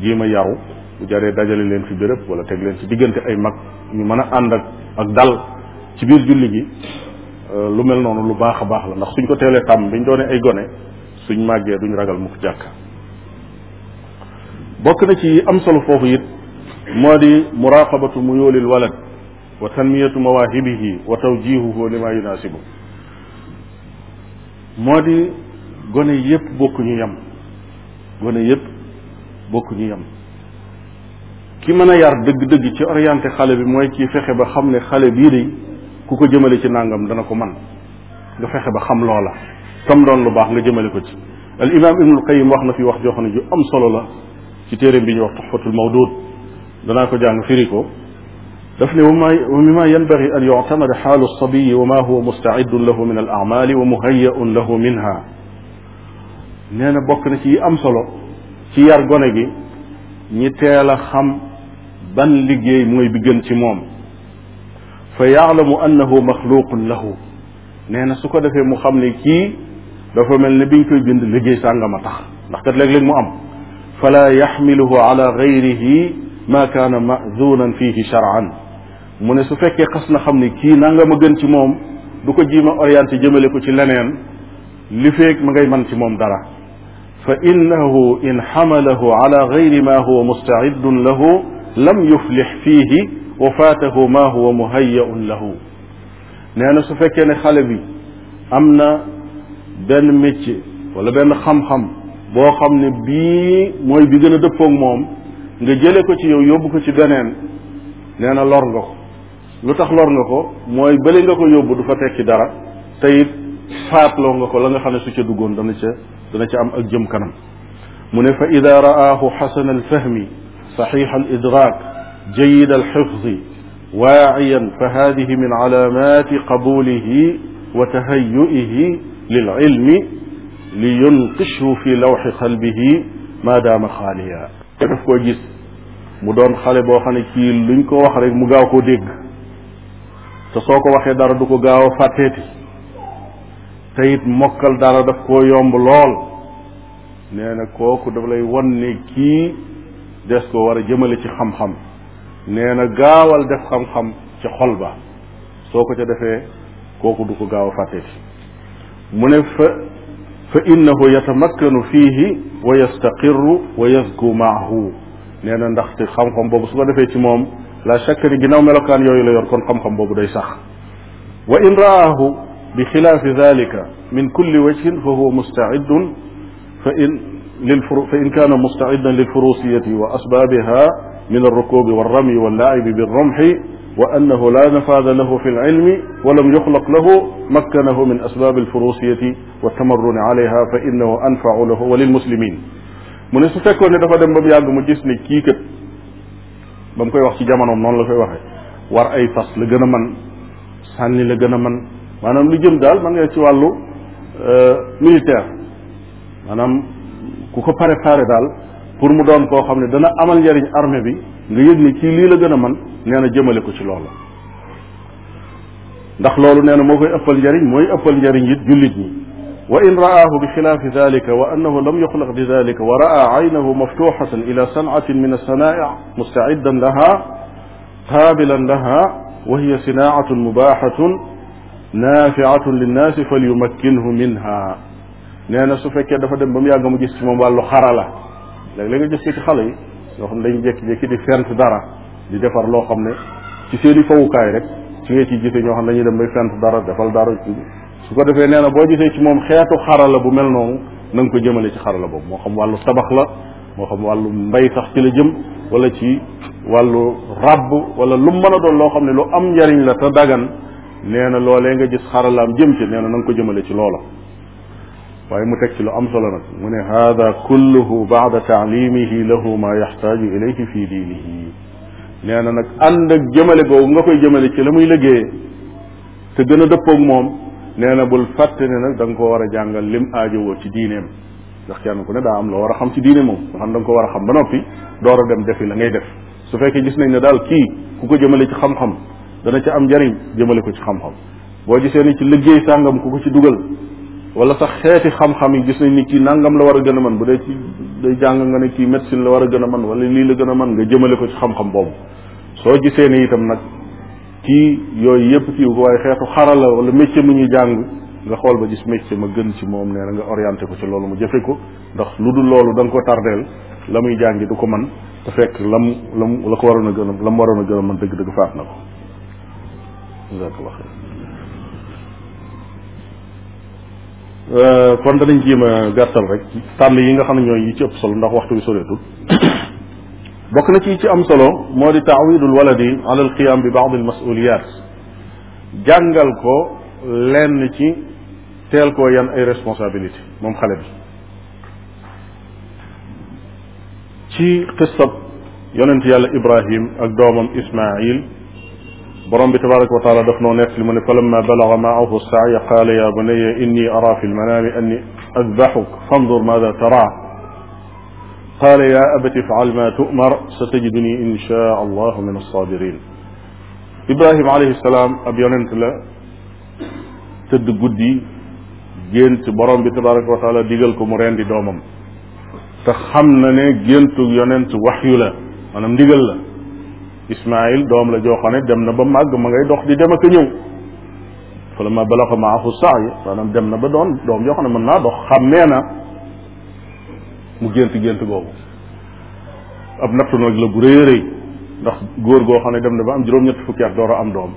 jéem a yaru bu jaree dajale leen fi béréb wala teg leen ci diggante ay mag ñu mën a ànd ak ak dal ci biir julli gi euh, lu mel noonu lu baax a baax la ndax suñ ko teelee tàmm biñ doonee ay gone suñ màggee duñ ragal mukk jàkk bokk na ci am solo foofu it moo di mu muraqabatu muyulil walad wa tanmiyatu mawaahibihi wa tawjihuhu lima yunaasibu moo di gone yépp bokkuñu yam gone yépp bokkuñu yam ki mën a yar dëgg-dëgg ci orienté xale bi mooy kii fexe ba xam ne xale bii de ku ko jëmale ci nàngam dana ko man nga fexe ba xam loola tam doon lu baax nga jëmale ko ci al imam ibnul qayim wax na fi wax joo xam ju am solo la ci téere bi ñuy wax tuxfatul mawdud danaa ko jàng firi ko daf ne wa mima yanbagi an yuctamada xaalu sabiyi wa ma huwa mustacidun lahu min al amali wa muhayaun lahu minha nee na bokk na ci am solo ci yar gone gi ñi teel a xam ban liggéey mooy bi gën ci moom fa yaalamu annahu maxluqun lahu nee na su ko defee mu xam ne kii dafa mel ne biñ koy bind liggéey sàngama tax ndax kat léeg-léeg mu am fala yaxmiluhu ala gayrihi maa kaana mazunan fihi shar'an mu ne su fekkee xas na xam ni kii nanga ma gën ci moom du ko jiima orienté jëmale ko ci leneen li feeg ma ngay man ci moom dara fa innahu in xamalahu ala gayri ma huwa mustaidun lahu lam yuflix fiihi wa faatahu ma huwa muhayaun lahu nee na su fekkee ne xale bi am na benn métier wala benn xam-xam boo xam ne bii mooy bi gën a dëppoog moom nga jële ko ci yow yóbbu ko ci beneen nee na lor nga ko lu tax lor nga ko mooy bële nga ko yóbbu du fa tekki dara tey it faatloo nga ko la nga xam ne su duggoon dana ca dana ca am ak jëm kanam mu ne fa ida ra'aahu xasan alfahmi saxiix alidraak jayid alxifdi waaciyan fa hadihi min calaamaati qabulihi wa tahayu'ihi lilcilmi liyunqishu fi lawxi qalbihi ma daama xaaliya mu doon xale boo xam ne kii luñ ko wax rek mu gaaw koo dégg te soo ko waxee dara du ko gaaw a fàtteeti te mokkal dara daf ko yomb lool nee na kooku daf lay won ne kii des ko war a jëmale ci xam-xam nee na gaawal def xam-xam ci xol ba soo ko ca defee kooku du ko gaaw a fàtteeti mu ne fa fa innahu yatamakkanu fiihi wa yastaqirru wa yazku maahu nee na ndax ci xam-xam boobu su ko defee ci moom la chaque ni ginnaaw melokaan yooyu la yor kon xam-xam boobu day sax wa in raahu bi xilaafi dalika min kulli wajhin fa huwa mustaiddun fa in lil fa in kaana mustaidan lilfurusiyati wa asbaabiha min alrukubi walrami wallaabi birromxi wa annahu la nafaada lahu fi lilmi wa lam yuxlaq lahu makkanahu min asbaabi alfurusiyati wa tamarruni alayha fa innahu anfacu lahu wa lilmuslimin mu ne su fekkoon ne dafa dem ba mu yàgg mu gis ne kii kat ba mu koy wax ci jamonoom noonu la koy waxee war ay fas la gën a man sànni la gën a man maanaam lu jëm daal man nga ci wàllu euh, militaire maanaam ku ko préparé daal pour mu doon koo xam ne dana amal njariñ armée bi nga yëg ni kii lii la gën a man nee jëmale ko ci loolu ndax loolu nee na moo koy ëppal njariñ mooy ëppal njariñ it jullit ñi وإن رآه بخلاف ذلك وأنه لم يخلق بذلك ورأى عينه مفتوحة إلى صنعة من الصنائع مستعدا لها قابلا لها وهي صناعة مباحة نافعة للناس فليمكنه منها nee na su fekkee dafa dem ba mu yàgg mu gis ci moom wàllu xarala léeg-léeg nga gis ko ci xale yi yoo xam ne dañu jékki-jékki di fent dara di defar loo xam ne ci seen i fawukaay rek ci nga ciy gisee ñoo xam ne dañuy dem bay fent dara defal dara su ko defee nee na boo gisee ci moom xeetu xarala bu mel noonu nanga ko jëmale ci xarala boobu moo xam wàllu tabax la moo xam wàllu mbay sax ci la jëm wala ci wàllu ràbb wala lu mën a doon loo xam ne lu am njariñ la te dagan nee na loolee nga gis xaralaam jëm ci nee na na nga ko jëmale ci loola waaye mu teg ci lu am solo nag mu ne hada kulluhu baada taalimihi lahu ma yaxtaaju ilayhi fi diinihi nee na nag ànd ak jëmale googu nga koy jëmale ci la muy liggéey te gën moom nee na bul fàtte ne nag danga ko war a jàngal lim aajowoo ci diineem ndax kenn ko ne daa am loo war a xam ci diine moom nga xam da nga ko war a xam ba noppi door a dem defi la ngay def su fekkee gis nañ ne daal kii ku ko jëmale ci xam-xam dana ci am njariñ jëmale ko ci xam-xam boo gisee ni ci liggéey sàngam ku ko ci dugal wala sax xeeti xam-xam yi gis nañ ni kii nangam la war a gën a mën bu dee ci day jàng nga ne kii médecine la war a gën a mën wala lii la gën a mën nga jëmale ko ci xam boobu soo gisee ni itam nag kii yooyu yëpp kii ko waaye xeetu xarala wala métier mu ñuy jàng nga xool ba gis métier ma gën ci moom nee na nga orienté ko ci loolu mu jëfe ko ndax lu dul loolu danga nga ko tardeel la muy jàngi du ko man te fekk lam lam la ko waroon a gën a lam waroon a gën a man dëgg-dëgg faat na ko jazakallah xëy euh, kon danañ jéem a gàttal rek tànn yi nga xam ne ñooy yi ci ëpp solo ndax waxtu bi soreetul bokk na ci ci am solo moo di taawidul waladi ala alqiyam bi baad almasuliyat jàngal ko lenn ci teel koo yan ay responsabilité moom xale bi ci xisab yonent yàlla ibrahim ak doomam ismail borom bi tabaraka wa taala daf noo nekk li mu ne falamma balaga maahu saaya qaala ya bunaya inni ara fi lmanami anni adbaxuk fandur maada tara qaala yaa abati faal ma tumar sa tajiduni insha allahu min alsabirin ibrahima alayhi salaam ab yonent la tëdd guddi gént borom bi tabaraka wa taala digal ko mu rendi doomam te xam na ne géntu yonent waxyu la maanaam ndigal la ismail doom la joo xam ne dem na ba màgg ma ngay dox di dem ak a ñëw fa la ma balaxa maahu saay maanaam dem na ba doon doom joo xam ne mën naa dox xàmmee na mu gént gént boobu ab nattu nag la bu rëy rëy ndax góor goo xam ne dem na ba am juróom-ñett fukki at door a am doom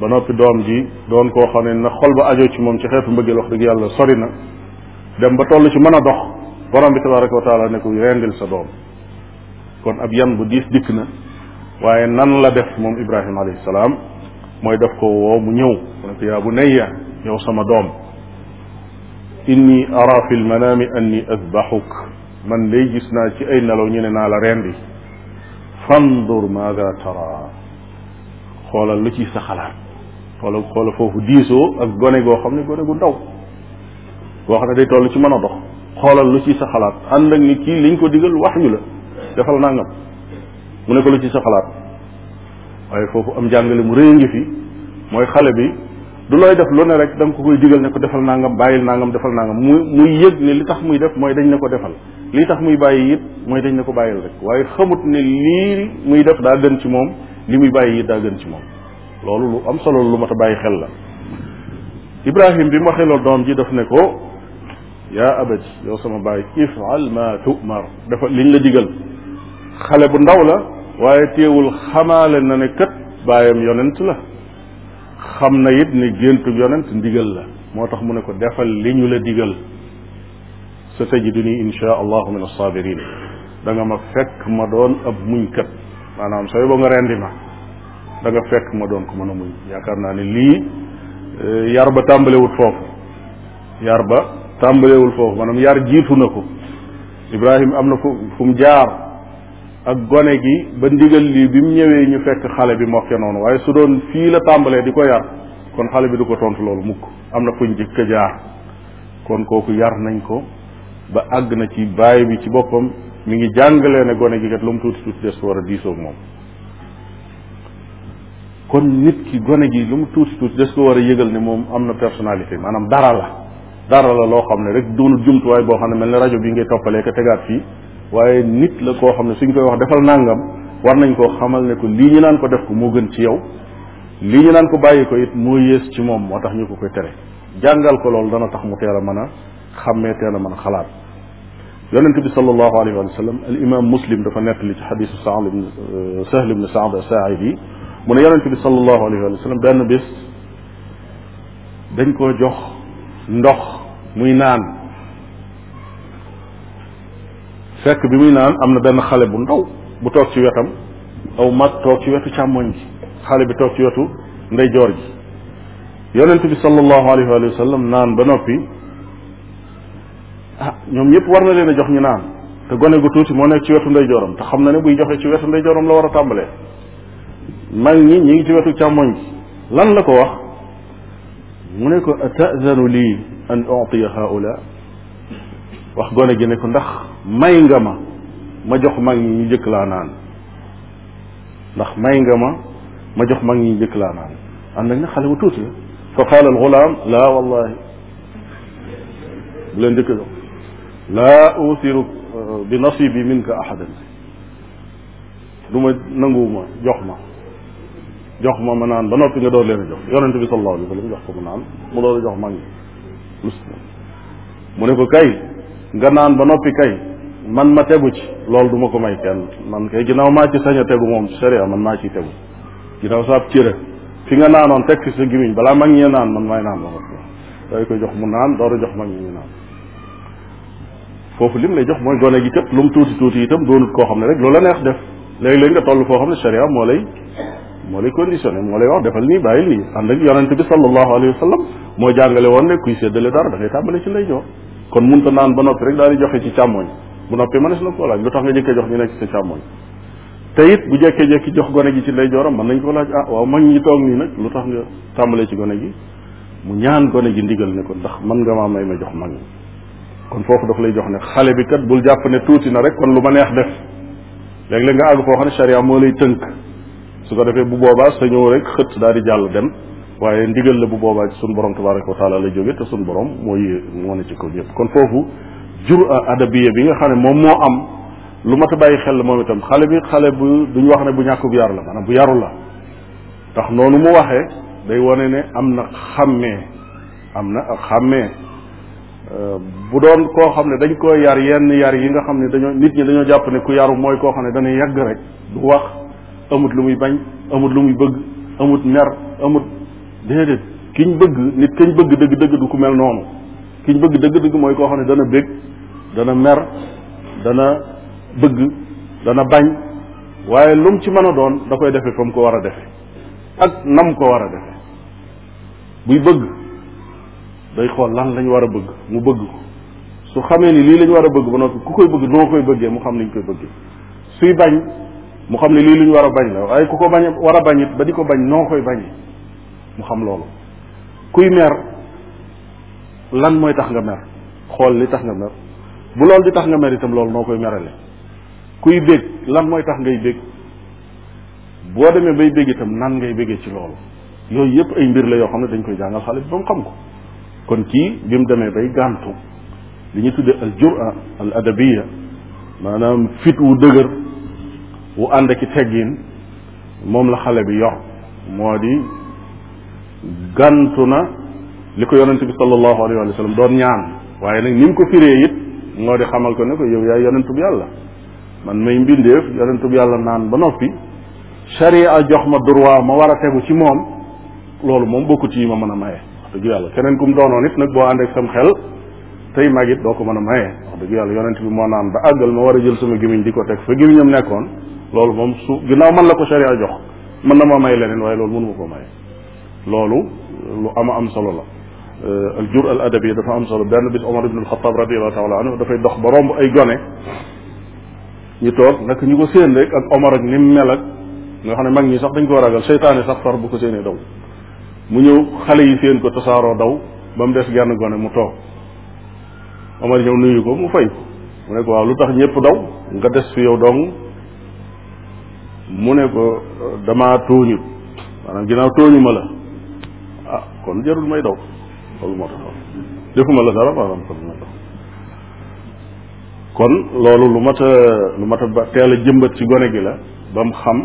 ba noppi doom ji doon koo xam ne na xol ba ajoo ci moom ci xeetu mbëggeel wax dëgg yàlla sori na dem ba toll ci mën a dox borom bi tabaraka wa taala ne ko rendil sa doom kon ab yan bu diis dikk na waaye nan la def moom ibrahima alayhi salaam mooy def ko woo mu ñëw mu ne ko yaa bu nayya yow sama doom inni ara fi lmanaami anni azbaxuk man day gis naa ci ay nelaw ñu ne naa la rendi fandur maada tara xoolal lu ciy sa xalaat xoolal xoolal foofu diisoo ak gone goo xam ne gone gu ndaw goo xam ne day toll ci mën a dox xoolal lu ciy sa xalaat ànd ak ni kii liñ ko digal wax yu la defal nangam mu ne ko lu ci sa xalaat waaye foofu am jàngale mu rëy ngi fi mooy xale bi du looy def lu ne rek da ko koy digal ne ko defal nangam bàyyil nangam defal nangam mu mu yëg ne li tax muy def mooy dañ ne ko defal li tax muy bàyyi it mooy dañ ne ko bàyyil rek waaye xamut ne muy def daa gën moom li muy bàyyi it daa gën ci moom loolu lu am solo lu mat a bàyyi xel la ibrahim bi mu waxee loolu doom ji daf ne ko yaa abati yow sama bàyyi ifal ma tumar dafa liñ la digal xale bu ndaw la waaye teewul xamaale na ne kat bàyyam yonent la xam na it ne géntub yonent ndigal la moo tax mu ne ko defal li ñu la digal sa tajiduni insha allahu min assabirin da nga ma fekk ma doon ab muñkat maanaam sooy boo nga rendi ma da fekk ma doon ko mën a muñ yaakaar naa ne lii eh, yar ba tàmbalewut foofu yar ba tàmbalewul foofu maanaam yar jiitu na ko Ibrahim am na fu fu mu jaar ak gone gi ba ndigal lii bi mu ñëwee ñu fekk xale bi mu mokke noonu waaye su doon fii la tàmbalee di ko yar kon xale bi du ko tontu loolu mukk am na ko njëkk a jaar kon kooku yar nañ ko ba àgg na ci baay bi ci boppam mu ngi jàngalee ne gone gi kat lu mu tuuti tuuti des war a diisoog moom kon nit ki gone gi lu mu tuuti tuuti des ko war a yëgal ne moom am na personnalité maanaam dara la dara la loo xam ne rek doonul jumtuwaay boo xam ne mel ne rajo bi ngay toppalee ko tegaat fii waaye nit la koo xam ne suñ koy wax defal nàngam war nañ koo xamal ne ko lii ñu naan ko def ko moo gën ci yow lii ñu naan ko bàyyi ko it moo yées ci moom moo tax ñu ko koy tere jàngal ko loolu dana tax mu teel a mën a xàmmee teel a mën a xalaat yonent bi sallallahu alayhi wa sallam al imam muslim dafa nettali ci xadisu euh, sahl ibn sahl ibn saad saaidi mu ne yonent bi sallallahu alayhi wa sallam benn bés dañ koo jox ndox muy naan fekk bi muy naan am na benn xale bu ndaw bu toog ci wetam aw mat toog ci wetu càmmoñ gi xale bi toog ci wetu joor ji yonent bi sallallahu alayhi wa sallam naan ba noppi ah ñoom ñëpp war na leen jox ñu naan te gone gu tuuti moo nekk ci wetu ndeyjooram te xam na ne buy joxee ci wetu ndeyjooram la war a tàmbalee mag ñi ñi ngi ci wetu càmmoñ gi lan la ko wax mu ne ko atazanu lii an utiya haula wax gone gi ne ko ndax may nga ma ma jox mag ñi ñu jëkk laa naan ndax may nga ma ma jox mag ñi ñu jëkk laa naan am nañ na xale bu tuuti la fa qaala al gulaam laa wallahi bu leen jëkk jox laa usiru euh, bi nasibi minka ahadan du ma nanguwuma jox ma jox ma ma naan ba noppi nga door leen a jox yonente bi sallallahu alayhi wa sallam jox ko mu naan mu door a jox mag ñi mu ne ko kay nga naan ba noppi kay man ma tegu ci loolu duma ko may kenn man kay ginaaw maa ci sañ a tegu moom sharia man maa ciy tegu ginnaaw saab cëre fi nga naanoon teg fi sa balaa mag ñee naan man maay naan la ko day ko jox mu naan door jox mag ñi ñu naan foofu lim lay jox mooy gone gi kat lu mu tuuti tuuti itam doonut koo xam ne rek loola neex def léegi-léegi nga toll koo xam ne sharia moo lay moo lay conditionné moo lay wax defal nii bàyyil nii ànd ak yonente bi sallallahu alayhi wa moo jàngale woon ne kuy séddale dara da ngay tàmbale ci lay jox kon munta naan ba noppi rek daal di joxe ci càmmoñ bu noppi mënees na koo laaj lu tax nga jëkkee jox ñu nekk ci càmmoñ te bu jekkee-jekki jox gone gi ci ndeyjooram mën nañ ko laaj ah waaw mag ñi toog nii nag lu tax nga tàmbalee ci gone gi mu ñaan gone gi ndigal ne ko ndax man nga maa may ma jox mag ñi kon foofu daf lay jox ne xale bi kat bul jàpp ne tuuti na rek kon lu ma neex def léeg-léeg nga àgg foo xam ne charia moo lay tënk su ko defee bu boobaa sa ñëw rek xët daal di jàll dem waaye ndigal la bu boobaat suñu sunu borom tabaraka wa taala la jóge te suñu borom moo yé moo ne ci ko ñëpp kon foofu jur adabiya bi nga xam ne moom moo am lu mat a bàyyi xel la moom itam xale bi xale bu duñu wax ne bu ñàkkub yar la maanaam bu yaru la ndax noonu mu waxee day wane ne am na xàmmee am na ak xàmmee bu doon koo xam ne dañ ko yar yenn yar yi nga xam ne dañoo nit ñi dañoo jàpp ne ku yaru mooy koo xam ne dañuy yàgg rek du wax amut lu muy bañ amut lu muy bëgg amut mer amut déedéet kiñ bëgg nit kiñ bëgg dëgg dëgg du ko mel noonu kiñ bëgg dëgg dëgg mooy koo xam ne dana bég dana mer dana bëgg dana bañ waaye lum mu ci mën a doon da koy defe fa mu ko war a defe ak nam ko war a defe buy bëgg day xool lan lañ war a bëgg mu bëgg ko su xamee ni lii lañ war a bëgg ba noppi ku koy bëgg noo koy bëggee mu xam niñ koy bëggee suy bañ mu xam ne lii luñ war a bañ la waaye ku ko bañ war a bañ it ba di ko bañ noo koy bañee mu xam loolu kuy mer lan mooy tax nga mer xool li tax nga mer bu loolu di tax nga mer itam loolu noo koy merale kuy bég lan mooy tax ngay bég boo demee bay bég itam nan ngay bégee ci loolu yooyu yëpp ay mbir la yoo xam ne dañ koy jàngal xale bi ba mu xam ko kon kii bi mu demee bay gàntu li ñu tuddee al jura al adabiya maanaam fit wu dëgër wu ànd ak i teggin moom la xale bi yor moo di gantu na li ko yonente bi sallallahu alayhi wa sallam doon ñaan waaye nag ni mu ko firee it moo di xamal ko ne ko yow yaay yonentub yàlla man may mbindeef yonentub yàlla naan ba noppi sharia jox ma droit ma war a tegu ci moom loolu moom bokkut ci yi ma mën a maye wax dëgg yàlla keneen ku mu doonoon it nag boo ànd ak sam xel tey mag it doo ko mën a maye wax dëgg yàlla yonent bi moo naan ba àggal ma war a jël sama gémiñ di ko teg fa gémiñam nekkoon loolu moom su ginnaaw man la ko sharia jox mën na ma may leneen waaye loolu mënu ma ko maye loolu lu ama am solo la euh, al jur al adabi dafa am solo benn bis Omar ibn al-Khattab radiyallahu taala anhu dafay dox ba romb ay gone ñu toog naka ñu ko séen rek ak Omar ak ni mu mel ak nga xam ne mag ñi sax dañ koo ragal seytaane sax far bu ko séenee daw mu ñëw xale yi séen ko tasaaroo daw ba mu des genn gone mu toog Omar ñëw nuyu ko mu fay mu ne ko waaw lu tax ñëpp daw nga des fi yow dong mu ne ko damaa tooñut maanaam ginnaaw tooñu ma la ah kon jarul may daw loolu moo taxoon defuma la dara maanaam kon loolu lu mat a lu mat a teel a jëmbat ci gone gi la ba mu xam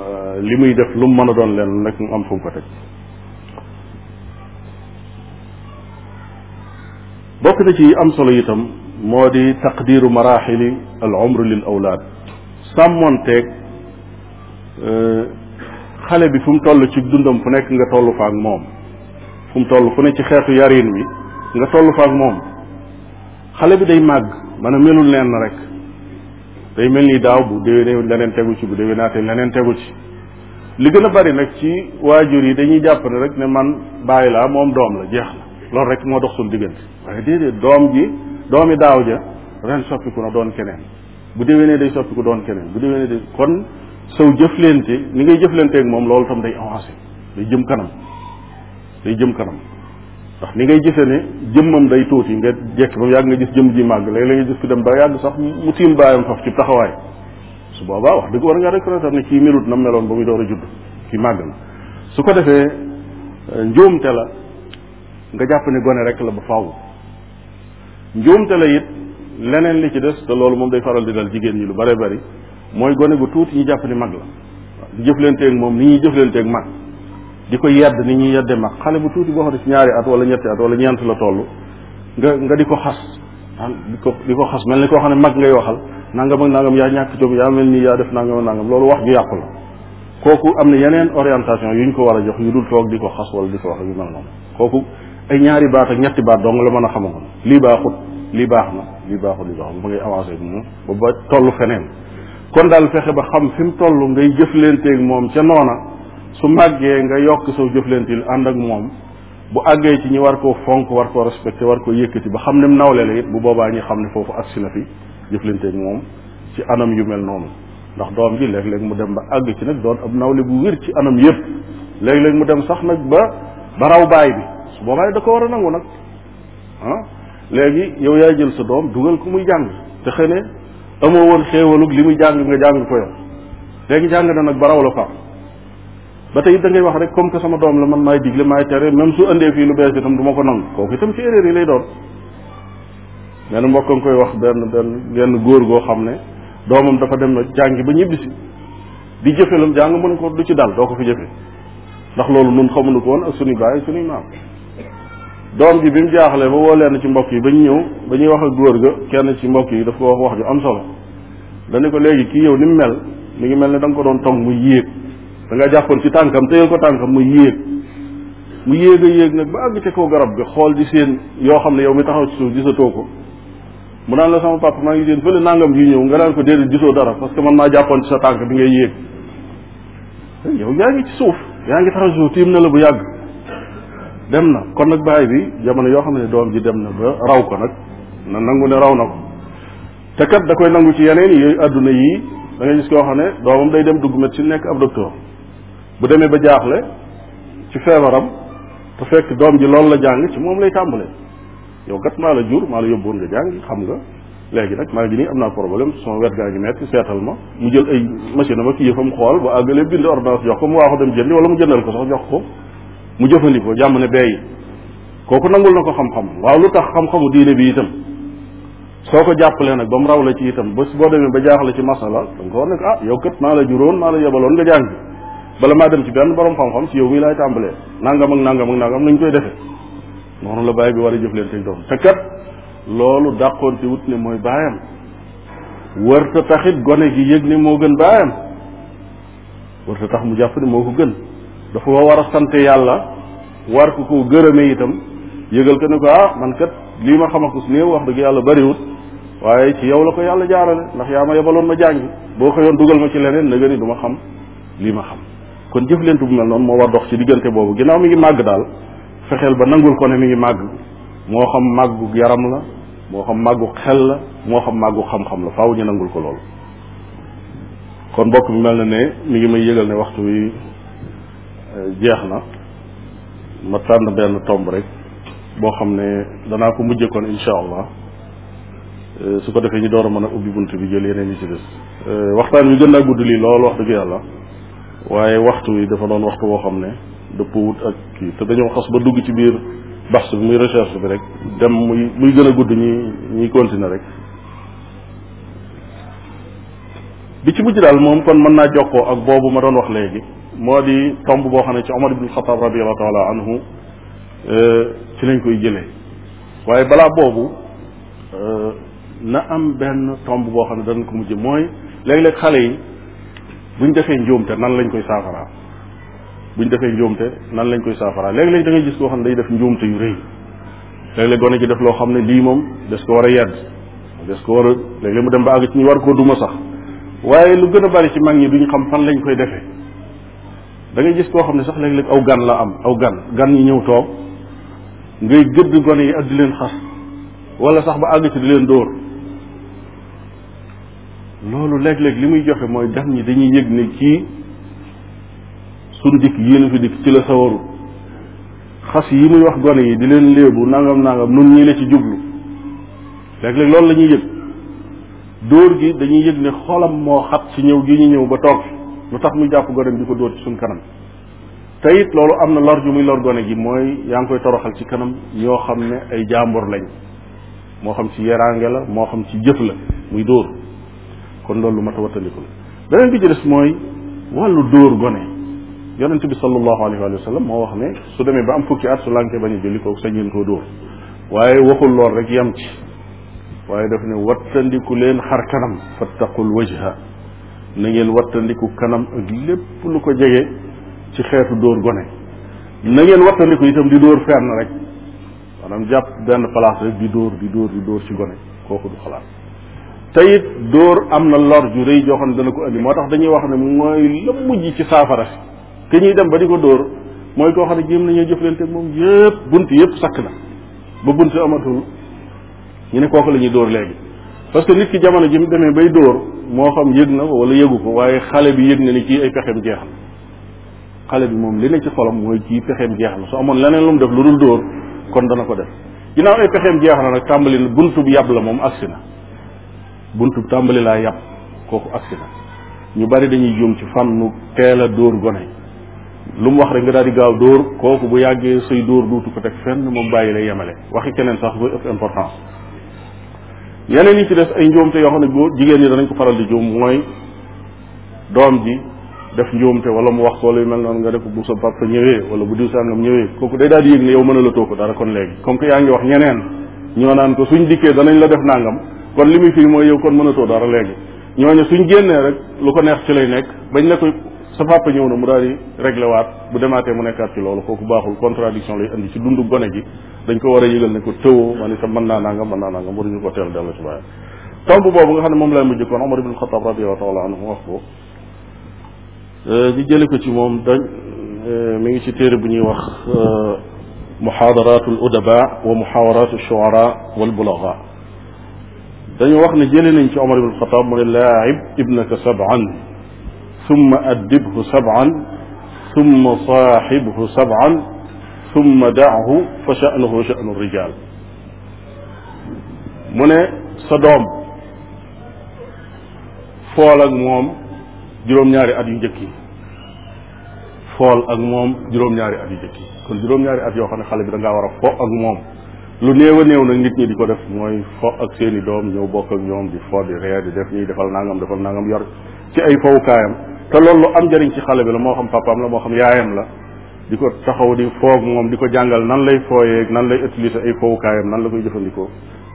euh, li muy def lu mu mën a doon leen rek mu am fu ko teg bokk na ci am solo itam moo di taqdiru maraxili al umr lil awlaad sàmmoonteeg euh, xale bi fum mu toll ci dundam fu nekk nga tollu fa ak moom fu mu toll fu ne ci xeetu yarin wi nga toll fa ak moom xale bi day màgg man a melul leen rek day mel nii daaw bu déwénee leneen tegu ci bu déwénaatee leneen tegu ci li gën a bari nag ci waajur yi dañuy jàpp rek ne man bàyyi laa moom doom la jeex na loolu rek moo dox suñu diggante waaye déedéet doom ji doomi daaw ja ren soppiku na doon keneen bu déwénee day soppiku doon keneen bu déwénee day kon saw jëflante ni ngay jëflanteeg moom loolu tam day avancé day jëm kanam day jëm kanam ndax ni ngay gisee ne jëmmam day tuuti nga jekk ba yàgg nga gis jëm ji màgg léeg-léeg nga gis ku dem ba yàgg sax mu tiim baayam faf ci taxawaay su boobaa wax dëgg war ngaa reconnaître ne kii melut na meloon ba muy door a judd kii màgg na su ko defee euh, njuumte la nga jàpp ne gone rek la ba faaw njuumte la it leneen li ci des te loolu moom day faral di dal jigéen ñi lu bare bari mooy gone gu tuuti ñu jàpp ne mag la di jëflanteeg moom ni ñuy jëflanteeg mag di ko yedd ni ñuy yedde mag xale bu tuuti boo xam ne ci ñaari at wala ñetti at wala ñeent la toll nga nga di ko xas ah, di ko di ko xas mel ni koo xam ne mag ngay waxal nangam ak nangam yaa ñàkk jom yaa mel ni yaa def nangam ak nangam loolu wax ju yàqu la kooku am na yeneen orientation yu ñu ko war a jox yu dul toog di ko xas wala di ko wax yu mel noonu kooku ay ñaari baat ak ñetti baat dong la mën a xamagoon lii baaxut lii baax na lii baaxut lii baaxut ba ngay avancé moom ba ba toll feneen kon daal fexe ba xam fi mu toll ngay jëflanteeg moom ca noona su màggee nga yokk soo jëflantil ànd ak moom bu àggee ci ñi war koo fonk war koo respecté war koo yëkkati ba xam ne mu nawle la it bu boobaa ñi xam ne foofu si na fi jëflanteeg moom ci anam yu mel noonu ndax doom ji léeg-léeg mu dem ba àgg ci nag doon ab nawle bu wér ci anam yëpp léeg-léeg mu dem sax nag ba ba raw baay bi su boobaa da ko war a nangu nag ah léegi yow yaay jël sa doom dugal ko muy jàng te xëy ne amoo woon xéewalug li mu jàng nga jàng ko yow léegi jàng na nag ba raw ba tey dangay wax rek comme que sama doom la man maay digle maay tere même su andee fii lu bees itam du ma ko nangu kooku itam ci erreur yi lay doon benn mbokk nga koy wax benn benn góor goo xam ne doomam dafa dem na jàngi ba ñibbisi di jëfe jàng mën ko du ci dal doo ko fi jëfe ndax loolu nun xamuñu ko woon ak suñuy baay ak suñuy maam doom ji bi mu jaaxlee ba woo leen ci mbokk yi ba ñëw ba ñuy wax góor ga kenn ci mbokk yi daf ko wax wax am solo dañu ko léegi kii yow ni mu mel mi ngi mel ne da nga ko doon tong mu yéeg da jàppoon ci tànkam téyal ko tànkam mu yéeg mu yéeg a yéeg nag ba àgg ca kaw garab gi xool di seen yoo xam ne yow mi taxaw ci suuf gisatoo ko mu naan la sama papa maa ngi seen fële nangam ji ñëw nga naan ko déedéet gisoo dara parce que man maa jàppoon ci sa tànk bi ngay yéeg eh, yow yaa ngi ci suuf yaa ngi taxaw ci suuf tiim na la bu yàgg dem na kon nag baay bi jamono yoo xam ne doom ji dem na ba raw ko nag na nangu ne raw na ko te kat da koy nangu ci yeneen yi yi da nga xam ne doomam day dem dugg médecine nekk ab docteur bu demee ba jaaxle ci feebaram te fekk doom ji loolu la jàng ci moom lay tàmbalee yow kat maa la jur maa la yóbboon nga jàngi xam nga léegi nag maa ngi am naa problème sama wet gaa ngi metti seetal ma mu jël ay machine am ak yëfam xool ba àggalee bind ordonnance mu waaxu dem jëndi wala mu jëndal ko sax jox ko mu jëfandikoo jàmm ne kooku nangul na ko xam waaw lu tax xam-xamu diine bi itam soo ko jàppalee nag ba raw la ci itam bés boo demee ba jaaxle ci masala da nga ko war ne ah, yow kat maa la juróon maa la yebaloon nga jàng bala maa dem ci benn borom xam-xam ci yow mii laay tàmbalee nangam ak nangam ak nangam nañ koy defee noonu la bàyyi bi war a jëflanteeg doom te kat loolu dàqoon ci wut ne mooy baayam wërta taxit gone gi yëg ne moo gën baayam wërta tax mu jàpp ne moo ko gën dafa war a sant yàlla war ko ko gërëme itam yëgal ko ne ko ah man kat lii ma xam ak su néew wax dëgg yàlla bariwut waaye ci yow la ko yàlla jaarale ndax yaa ma yebaloon ma jàngi boo xëyoon dugal ma ci leneen na nga ni du ma xam lii ma xam kon jëflante bu mel noonu moo wax dox ci diggante boobu ginnaaw mi ngi màgg daal fexeel ba nangul ko ne mi ngi màgg moo xam màggu yaram la moo xam màggu xel la moo xam màggu xam-xam la faaw ñu nangul ko loolu kon mbokk mi mel na ne mi ngi may yëgal ne waxtu wi euh, jeex na ma tànn benn tomb rek boo xam ne danaa ko mujjee kon incha allah euh, su ko defee ñu door a mën a ubbi bunt bi jël yeneen yi ci des euh, waxtaan wi gën naa gudd lii lool wax dëgg yàlla waaye waxtu wi dafa doon waxtu woo xam ne dëpp wut ak kii te dañoo xas ba dugg ci biir bax bi muy recherche bi rek dem muy muy gën a gudd ñi ñuy continuer rek bi ci mujj daal moom kon mën naa jokkoo ak boobu ma doon wax léegi moo di tomb boo xam ne ci Omar ibn Xataab radiallahu taala anhu e, ci lañ koy jëlee waaye balaa boobu e, na am benn tomb boo xam ne danañ ko mujj mooy léegi léeg xale yi bu buñ defee njuumte nan lañ koy saafaraa buñ defee njuumte nan lañ koy saafaraa léeg-léeg dangay ngay gis koo xam ne day def njuumte yu rëy léeg-léeg gone ci def loo xam ne lii moom das ko war a yedd das ko war a léeg-léeg mu dem ba àgg ci ñu war koo duma sax waaye lu gën a bari ci mag ñi duñ xam fan lañ koy defee dangay gis koo xam ne sax léeg-léeg aw gan la am aw gan gan ñu ñëw toog ngay gëdd gone yi ak di leen xas wala sax ba àgg ci di leen dóor loolu léeg-léeg li muy joxe mooy gan ñi dañuy yëg ne ci suñ dikk yéen fi dikk ci la sawaru xas yi muy wax gone yi di leen léebu nangam nangam nun ñii la ci jublu léeg-léeg loolu la ñuy yëg dóor gi dañuy yëg ne xolam moo xat ci ñëw gi ñu ñëw ba toog lu tax mu jàpp gone di ko dóor ci suñ kanam te loolu am na lor ju muy lor gone gi mooy yaa ngi koy toroxal ci kanam ñoo xam ne ay jaambur lañ moo xam ci yeraange la moo xam ci jëf la muy dóor kon loolu lu mat a wattandiku la beneen bi ci des mooy wàllu dóor gone yonente bi sallallahu alayhi wa moo wax ne su demee ba am fukki at su lànkee bañ a julli kooku sañ ngeen koo dóor waaye waxul lool rek yam ci waaye daf ne wattandiku leen xar kanam fattaqul wajha na ngeen wattandiku kanam ak lépp lu ko jege ci xeetu dóor gone na ngeen wattandiku itam di dóor fenn rek maanaam jàpp benn place rek di dóor di dóor di dóor ci gone kooku du xalaat te dóor am na lor ju rey joo xam ne dana ko indi moo tax dañuy wax ne mooy la mujj ci saafara ki ñuy dem ba di ko dóor mooy koo xam ne jéem nañoo jëflante moom yëpp bunt yëpp sakk na ba bunt amatul ñu ne kooku la ñuy dóor léegi parce que nit ki jamono ji mu demee bay dóor moo xam yëg na ko wala yëgu ko waaye xale bi yëg na ni kii ay pexeem jeex na xale bi moom li ne ci xolam mooy kii pexeem jeex na su amoon leneen lu mu def lu dul dóor kon dana ko def ginnaaw ay pexeem jeex na nag tàmbali buntu bu yàbb la moom agsi na buntu tàmbali laa yàpp kooku agsi na ñu bari dañuy juum ci fànnu teel a dóor gone lu mu wax rek nga daal di gaaw dóor kooku bu yàggee say dóor duutu ko teg fenn moom bàyyi lay yemale waxi keneen sax booy ëpp importance yeneen yi ci des ay njuumte yoo xam ne boo jigéen ñi danañ ko faral di juum mooy doom ji def njuumte wala mu wax ko lu mel noonu nga def bu sa papa ñëwee wala bu diw sàngam ñëwee kooku day daal di yëg ne yow mën a la too ko dara kon léegi comme yaa ngi wax ñeneen ñoo naan ko suñ dikkee danañ la def nangam kon li muy mooy yow kon mënatoo dara léegi su ñu génnee rek lu ko neex ci lay nekk bañ ne ko sa papa ñëw na mu daal di réglé waat bu demaatee mu nekkaat ci loolu kooku baaxul contradiction lay indi ci dundu gone gi dañ ko war a yëgal ne ko tëwoo ma ne sa mën naa nangam mën naa nangam ñu ko teel dellu ci bàyyi tomb boobu nga xam ne moom lay mujj kon Omar ibn Xattaab radiyallahu taala anhu wax ko euh, ñu jële ko ci moom dañ euh, mi ngi ci téere bu ñuy wax euh, muxaadaraatu al mu wa muxaawaraatu shuara wa bulaga dañu wax ne jële nañ ci Omar ibn Xataab mu ne laa'ib ibnaka sab'an summa addibhu sab'an summa saaxibhu sab'an summa da'hu fa sha'nuhu sha'nu rijaal mu ne sa doom fool ak moom juróom-ñaari at yu njëkk yi fool ak moom juróom-ñaari at yu njëkk yi kon juróom-ñaari at yoo xam ne xale bi da ngaa war a fo ak moom lu néew a néew nag nit ñi di ko def mooy fo ak seen i doom ñëw bokk ak ñoom di fo di ree di def ñuy defal nangam defal nangam yor ci ay fowukaayam te lool lu am njëriñ ci xale bi la moo xam papaam la moo xam yaayam la di ko taxaw di foog moom di ko jàngal nan lay fooyeeg nan lay utiliser ay fowukaayam nan la koy jëfandikoo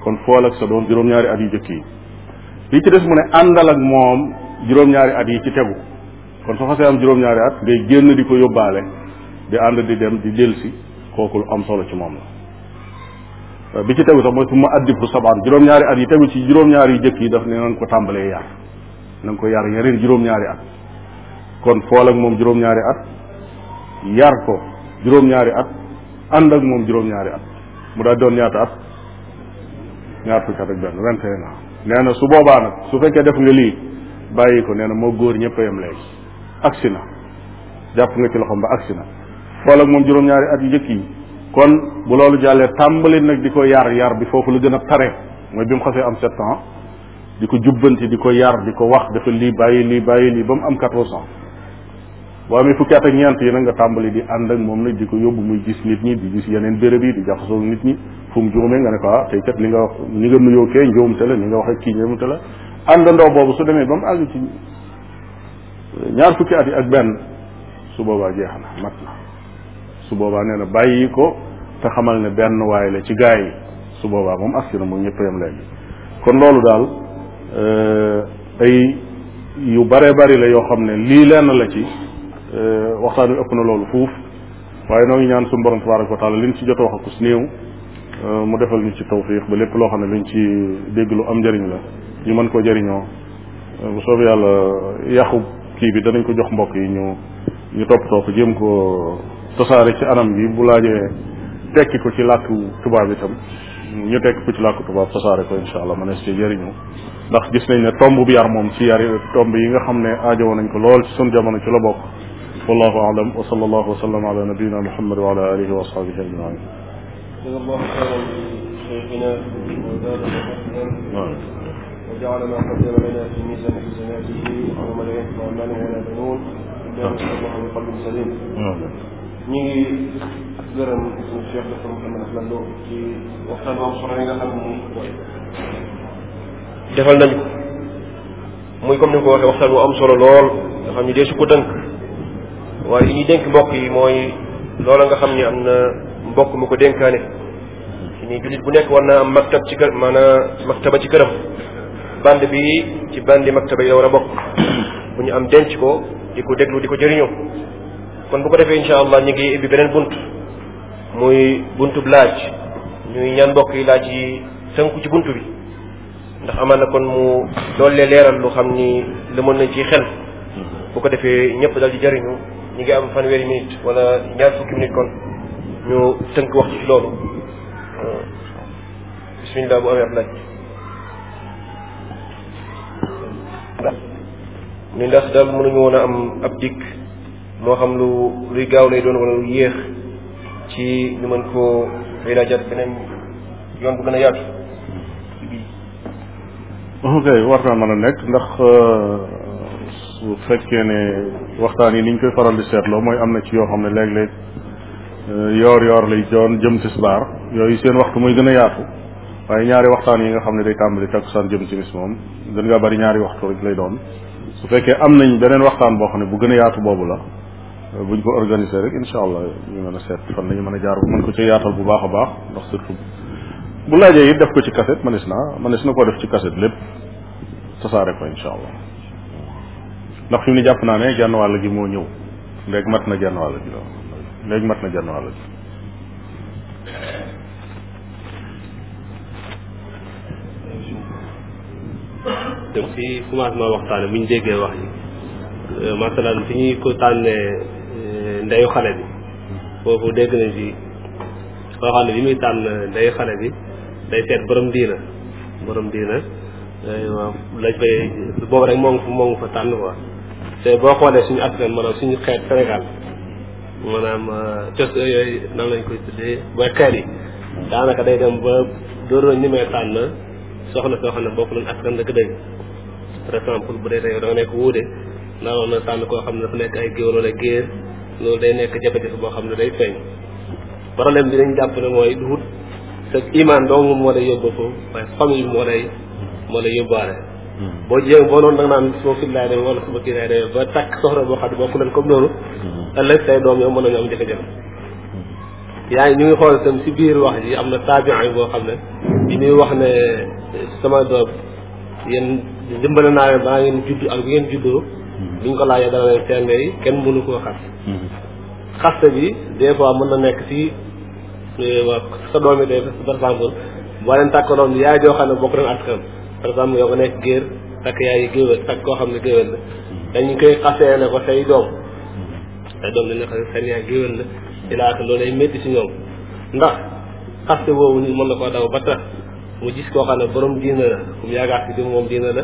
kon fool ak sa doom juróom-ñaari at yu jëkk yi li ci des mu ne àndal ak moom juróom-ñaari at yi ci tegu kon soo am juróom-ñaari génn di ko yóbbaale di ànd di dem di delsi kooku lu am solo ci moom Euh, bi ci tegu sax mooy su ma addibu sabaan juróom-ñaari at yi tegu ci juróom-ñaari jëkk yi daf ne na ko tàmbalee yar na ko yar yeneen juróom-ñaari at kon fool ak moom juróom-ñaari at yar ko juróom at ànd moom juróom at mu daal doon ñaata at ñaar fukki at ak benn na su boobaa nag su fekkee def nga lii nee na moo góor ñëpp a yem léegi agsi na jàpp nga ci loxoom ba agsi na fool moom juróom at yu jëkk yi kon bu loolu jàllee tàmbali nag di ko yar yar bi foofu la gën a tare mooy bi mu xasee am sept ans di ko jubbanti di ko yar di ko wax dafa lii bàyyi lii bàyyi lii ba mu am quatorze ans boo amee fukki at ak ñeent yi nag nga tàmbali di ànd ak moom nag di ko yóbbu muy gis nit ñi di gis yeneen béréb yi di jaxasoo nit ñi fu mu juumee nga ne ko ah tey kat li nga wax ni nga nuyoo kee njuumte la ni nga wax ak kii njuumte la àndandoo boobu su demee ba mu àgg ci ñaar fukki at yi ak benn su boobaa jeex na su boobaa nee na bàyyi ko te xamal ne benn waay la ci gaa yi su boobaa moom aski na moom ñëpp yam léegi kon loolu daal euh, ay yu bare bari la yoo xam ne lii lenn la ci euh, waxtaan wi ëpp na loolu fuuf waaye noo ngi ñaan suñu borom tabaraka wa taala liñ ci jot wax ak us néew euh, mu defal ñu ci tawfiq ba lépp loo xam ne luñ ci dégg lu am njariñ la ñu mën koo jariñoo bu soobee yàlla yàqu kii bi danañ ko jox mbokk yi ñu ñu toppatoo ko jéem ko tosaare ci anam bi bu laajee tekki ko ci làkku tubaab itam ñu tekki ko ci làkku tubaab tosaare ko incha allah mënees ci jëriñu ndax gis nañ ne tomb bi yar moom ci yar tomb yi nga xam ne aajowoo nañ ko lool ci sun jamono ci la bokk wallahu alam wa sallallahu wa sallam ala nabiyina muhammad wa ala alihi wa ashabihi ajmain وجعل ما قدم لنا في ميزان حسناته وما لا ينفع مال ولا بنون الا نسال الله بقلب سليم. امين. ñu ngi gërëm suñu Cheikh Dr Mouhamed Abdallah Lo ci waxtaan am solo yi nga ko muy am solo lool nga xam ni dee su ko dënk waaye li ñuy dénk mbokk yi mooy loola nga xam ni am na mbokk mu ko dénkaane ci ni jullit bu nekk war naa am maktab ci kër maanaam maktaba ci këram band bi ci bandi maktaba yi la war a bokk bu ñu am denc ko di ko déglu di ko jëriñoo kon bu ko defee incha allah ñu ngi ubbi beneen bunt muy buntub laaj ñuy ñaan mbokk yi laaj yi tënku ci bunt bi ndax amaan na kon mu doole leeral lu xam ni lëmoon nañ ci xel bu ko defee ñëpp dal di jëriñu ñu ngi am fanweeri minute walla ñaar fukki minute kon ñu tënk wax ci loolu bismillah bu amee ab laaj ni ndax daal mënuñu woon a am ab dikk moo xam lu luy gaaw lay doon wala lu yéex ci ñu mën koo ilaajaat beneen yoon bu gën a yaatu ok war naa a nekk ndax euh, su fekkee ne waxtaan yi ni ñu koy faral di seetloo mooy am na ci yoo xam ne léeg-léeg euh, yoor yoor lay doon jëm subaar yooyu seen waxtu mooy gën a yaatu waaye ñaari waxtaan yi nga xam ne day tàmbali takkusaan jëm timis moom gën ngaa bari ñaari waxtu rek lay doon su fekkee am nañ beneen waxtaan boo xam ne bu gën a yaatu boobu la buñ ko organiser rek incha allah ñu mën a seet fan la mën a jaar mën ko ci yaatal bu baax a baax ndax surtout bu laajee it def ko ci kaset manis naa manis na koo def ci kaset lépp tasaare ko incha mu jàpp naa ne genn wàll gi moo ñëw léegi mat na genn léegi mat na genn wàll gi dem ci commencement waxtaane ñu déggee wax yi euh, masalan fi ñuy ko tànnee ndeyu xale bi foofu dégg nañ ci koo xam ne bi muy tànn ndeyu xale bi day seet borom diina borom diina lañ fay boobu rek moo ngi tànn quoi te boo xoolee suñu askan maanaam suñu xeet Sénégal maanaam euh, cos euh, yooyu lañ koy tuddee booy yi daanaka day dem ba dóor ñu may tànn soxna soo xam ne bokk nañ askan dëgg dëgg par exemple bu dee tey da nga nekk wuude naa woon tànn koo xam ne dafa nekk ay géw wala géer loolu day nekk jafe-jafe boo xam ne day feeñ problème bi dañ jàpp ne mooy duut sa imaan doomu moo lay yóbbu moo lay moo lay yóbbaale hmm. boo jéem boo noonu da nga naan suma fit laay demee wala kii laay demee ba takk soxna boo xam ne bokk leen comme noonu hmm. ëllëg say doom yow mën nañu am jafe-jafe hmm. yaa ngi ñu ngi xool itam ci biir wax ji am na taabiin boo xam ne bi ñuy wax ne sama doom yéen dimbale naa ngeen judd ak bi ngeen juddoo bi nga ko laajee dana ne seen yi kenn mënu koo xas xaste bi des fois mën na nekk ci euh, sa doom yi day par exemple boo leen tàkkaloon yaay joo xam ne bokk nañ askan par exemple yow nga nekk géer takk koo xam ne géwél la dañ koy xasee ne ko say doom say doom dañ ne ko seen yaay géwél la ilaaka loolu lay métti si ñoom ndax xaste boobu nit mën na koo daw ba tax mu gis koo xam ne borom diina la comme yaakaar si di moom diina la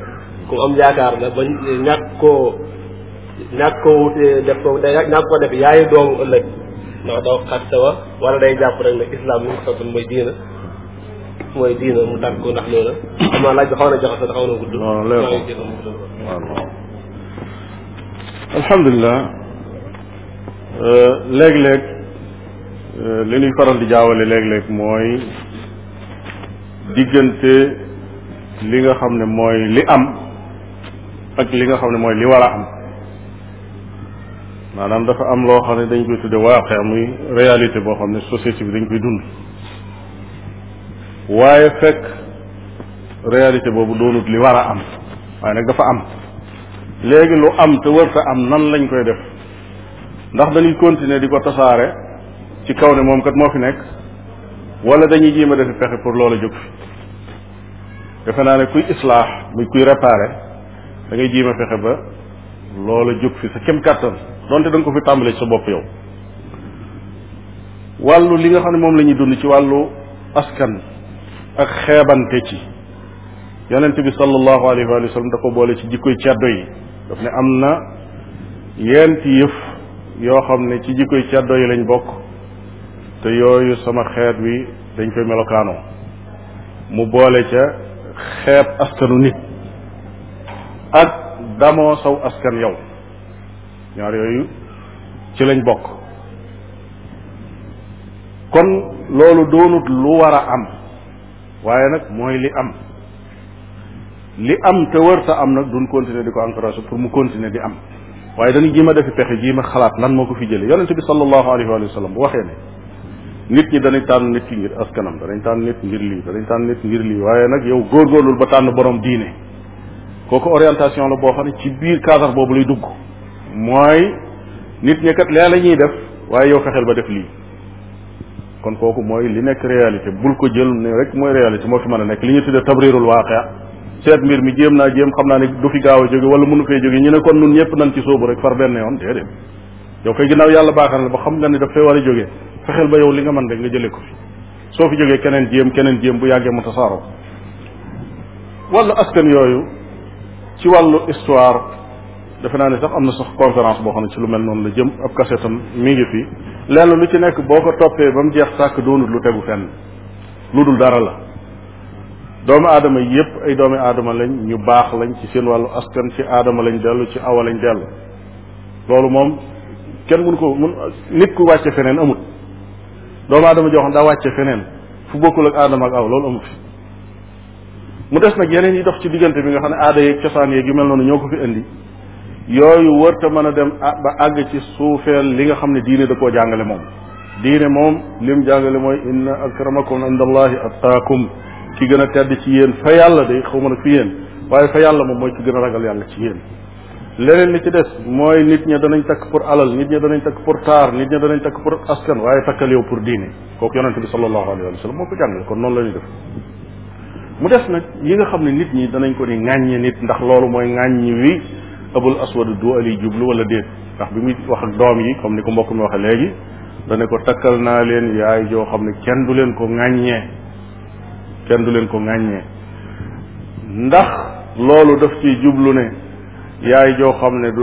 ku am yaakaar la ba ñàkk def ko ñàkk ko yaayu doomu ëllëg ndax doo xat sawa wala day jàpp rek ne islam ni mu sotul mooy diina mu tàgg ko ndax loola laaj bi xaw na jaxasoo xaw na alhamdulilah euh, léeg-léeg euh, li ñuy faral di jaawale léeg-léeg mooy diggante li nga xam ne mooy li am ak li nga xam ne mooy li war a am maanaam dafa am loo xam ne dañ koy tudde waaqe muy réalité boo xam ne société bi dañ koy dund waaye fekk réalité boobu doonut li war a am waaye nag dafa am léegi lu am te wër wërta am nan lañ koy def ndax dañuy continuer di ko tasaare ci kaw ne moom kat moo fi nekk wala dañuy jéem a defi pexe pour loola jóg fi defe naa ne kuy islaax muy kuy réparer dangay ngay jiima fexe ba loola jóg fi sa kem kàttan donte da ko fi tàmbale sa bopp yow wàllu li nga xam ne moom lañuy ñuy dund ci wàllu askan ak xeebante ci yonent bi sallallahu alayhi wa sallam da ko boole ci jikkoy ceddo yi daf ne am na yenti yëf yoo xam ne ci jikkoy ceddo yi lañ bokk te yooyu sama xeet wi dañ koy melokaanoo mu boole ca xeeb askanu nit ak damoo saw askan yow ñaar yooyu ci lañ bokk kon loolu doonut lu war a am waaye nag mooy li am li am te wër ta am nag duñ continuer di ko encouragé pour mu continuer di am waaye dañu jéem a defi pexe jéem a xalaat lan moo ko fi jëlee yonente bi sallallahu alayhi wa sallam bu waxee ne nit ñi danañ tànn nit ki ngir askanam danañ tànn nit ngir lii danañ tànn nit ngir lii waaye nag yow góorgóorlul ba tànn borom diine kooku orientation la boo xam ne ci biir cadre boobu lay dugg mooy nit ñi kat lee la ñuy def waaye yow fexeel ba def lii kon kooku mooy li nekk réalité bul ko jël ne rek mooy réalité moo fi mën a nekk li ñu tuddee tabrirul waaqia seet mbir mi jéem naa jéem xam naa ne du fi gaaw a jóge wala mënu fee jóge ñu ne kon nun ñëpp nañ ci sóobu rek far benn yoon déedéet yow kay ginnaaw yàlla baaxal na ba xam nga ne daf fee war a jóge fexeel ba yow li nga man rek nga jëlee ko fi soo jógee keneen jéem keneen jéem bu yàggee mu tasaaroo wala askan yooyu ci wàllu histoire defe naa ni sax am na sax conférence boo xam ne ci lu mel noonu la jëm ab kasetam mi ngi fi lenn lu ci nekk boo ko toppee ba mu jeex sàkk doonut lu tegu fenn lu dul dara la doomu aadama yépp ay doomi aadama lañ ñu baax lañ ci seen wàllu askan ci aadama lañ dellu ci awa lañ dellu loolu moom kenn mun ko mun nit ku wàcce feneen amut doomu aadama joo xam daa wàcce feneen fu bokkul ak aadama ak aw loolu amu fi mu des nag yeneen yi dox ci diggante bi nga xam ne aada yeeg cosaan yeeg yu mel noonu ñoo ko fi indi yooyu wërta mën a dem ba àgg ci suufeel li nga xam ne diine da koo jàngale moom diine moom lim jàngale mooy inna akramakum indallahi attaakum ki gën a tedd ci yéen fa yàlla de xaw ma nag fi yéen waaye fa yàlla moom mooy ki gën a ragal yàlla ci yéen leneen li ci des mooy nit ña danañ takk pour alal nit ña danañ takk pour taar nit ña danañ takk pour askan waaye takkal yow pour diine kooku yonente bi sallallahu alayhi ko noonu la ñuy def mu des nag yi nga xam ne nit ñi danañ ko ni ŋàññi nit ndax loolu mooy ŋàññi wi abul aswad du ali jublu wala déet ndax bi muy wax ak doom yi comme ni ko mbokk mi waxee léegi dana ko takkal naa leen yaay joo xam ne kenn du leen ko ŋàññee kenn du leen ko ŋàññee ndax loolu daf ci jublu ne yaay joo xam ne du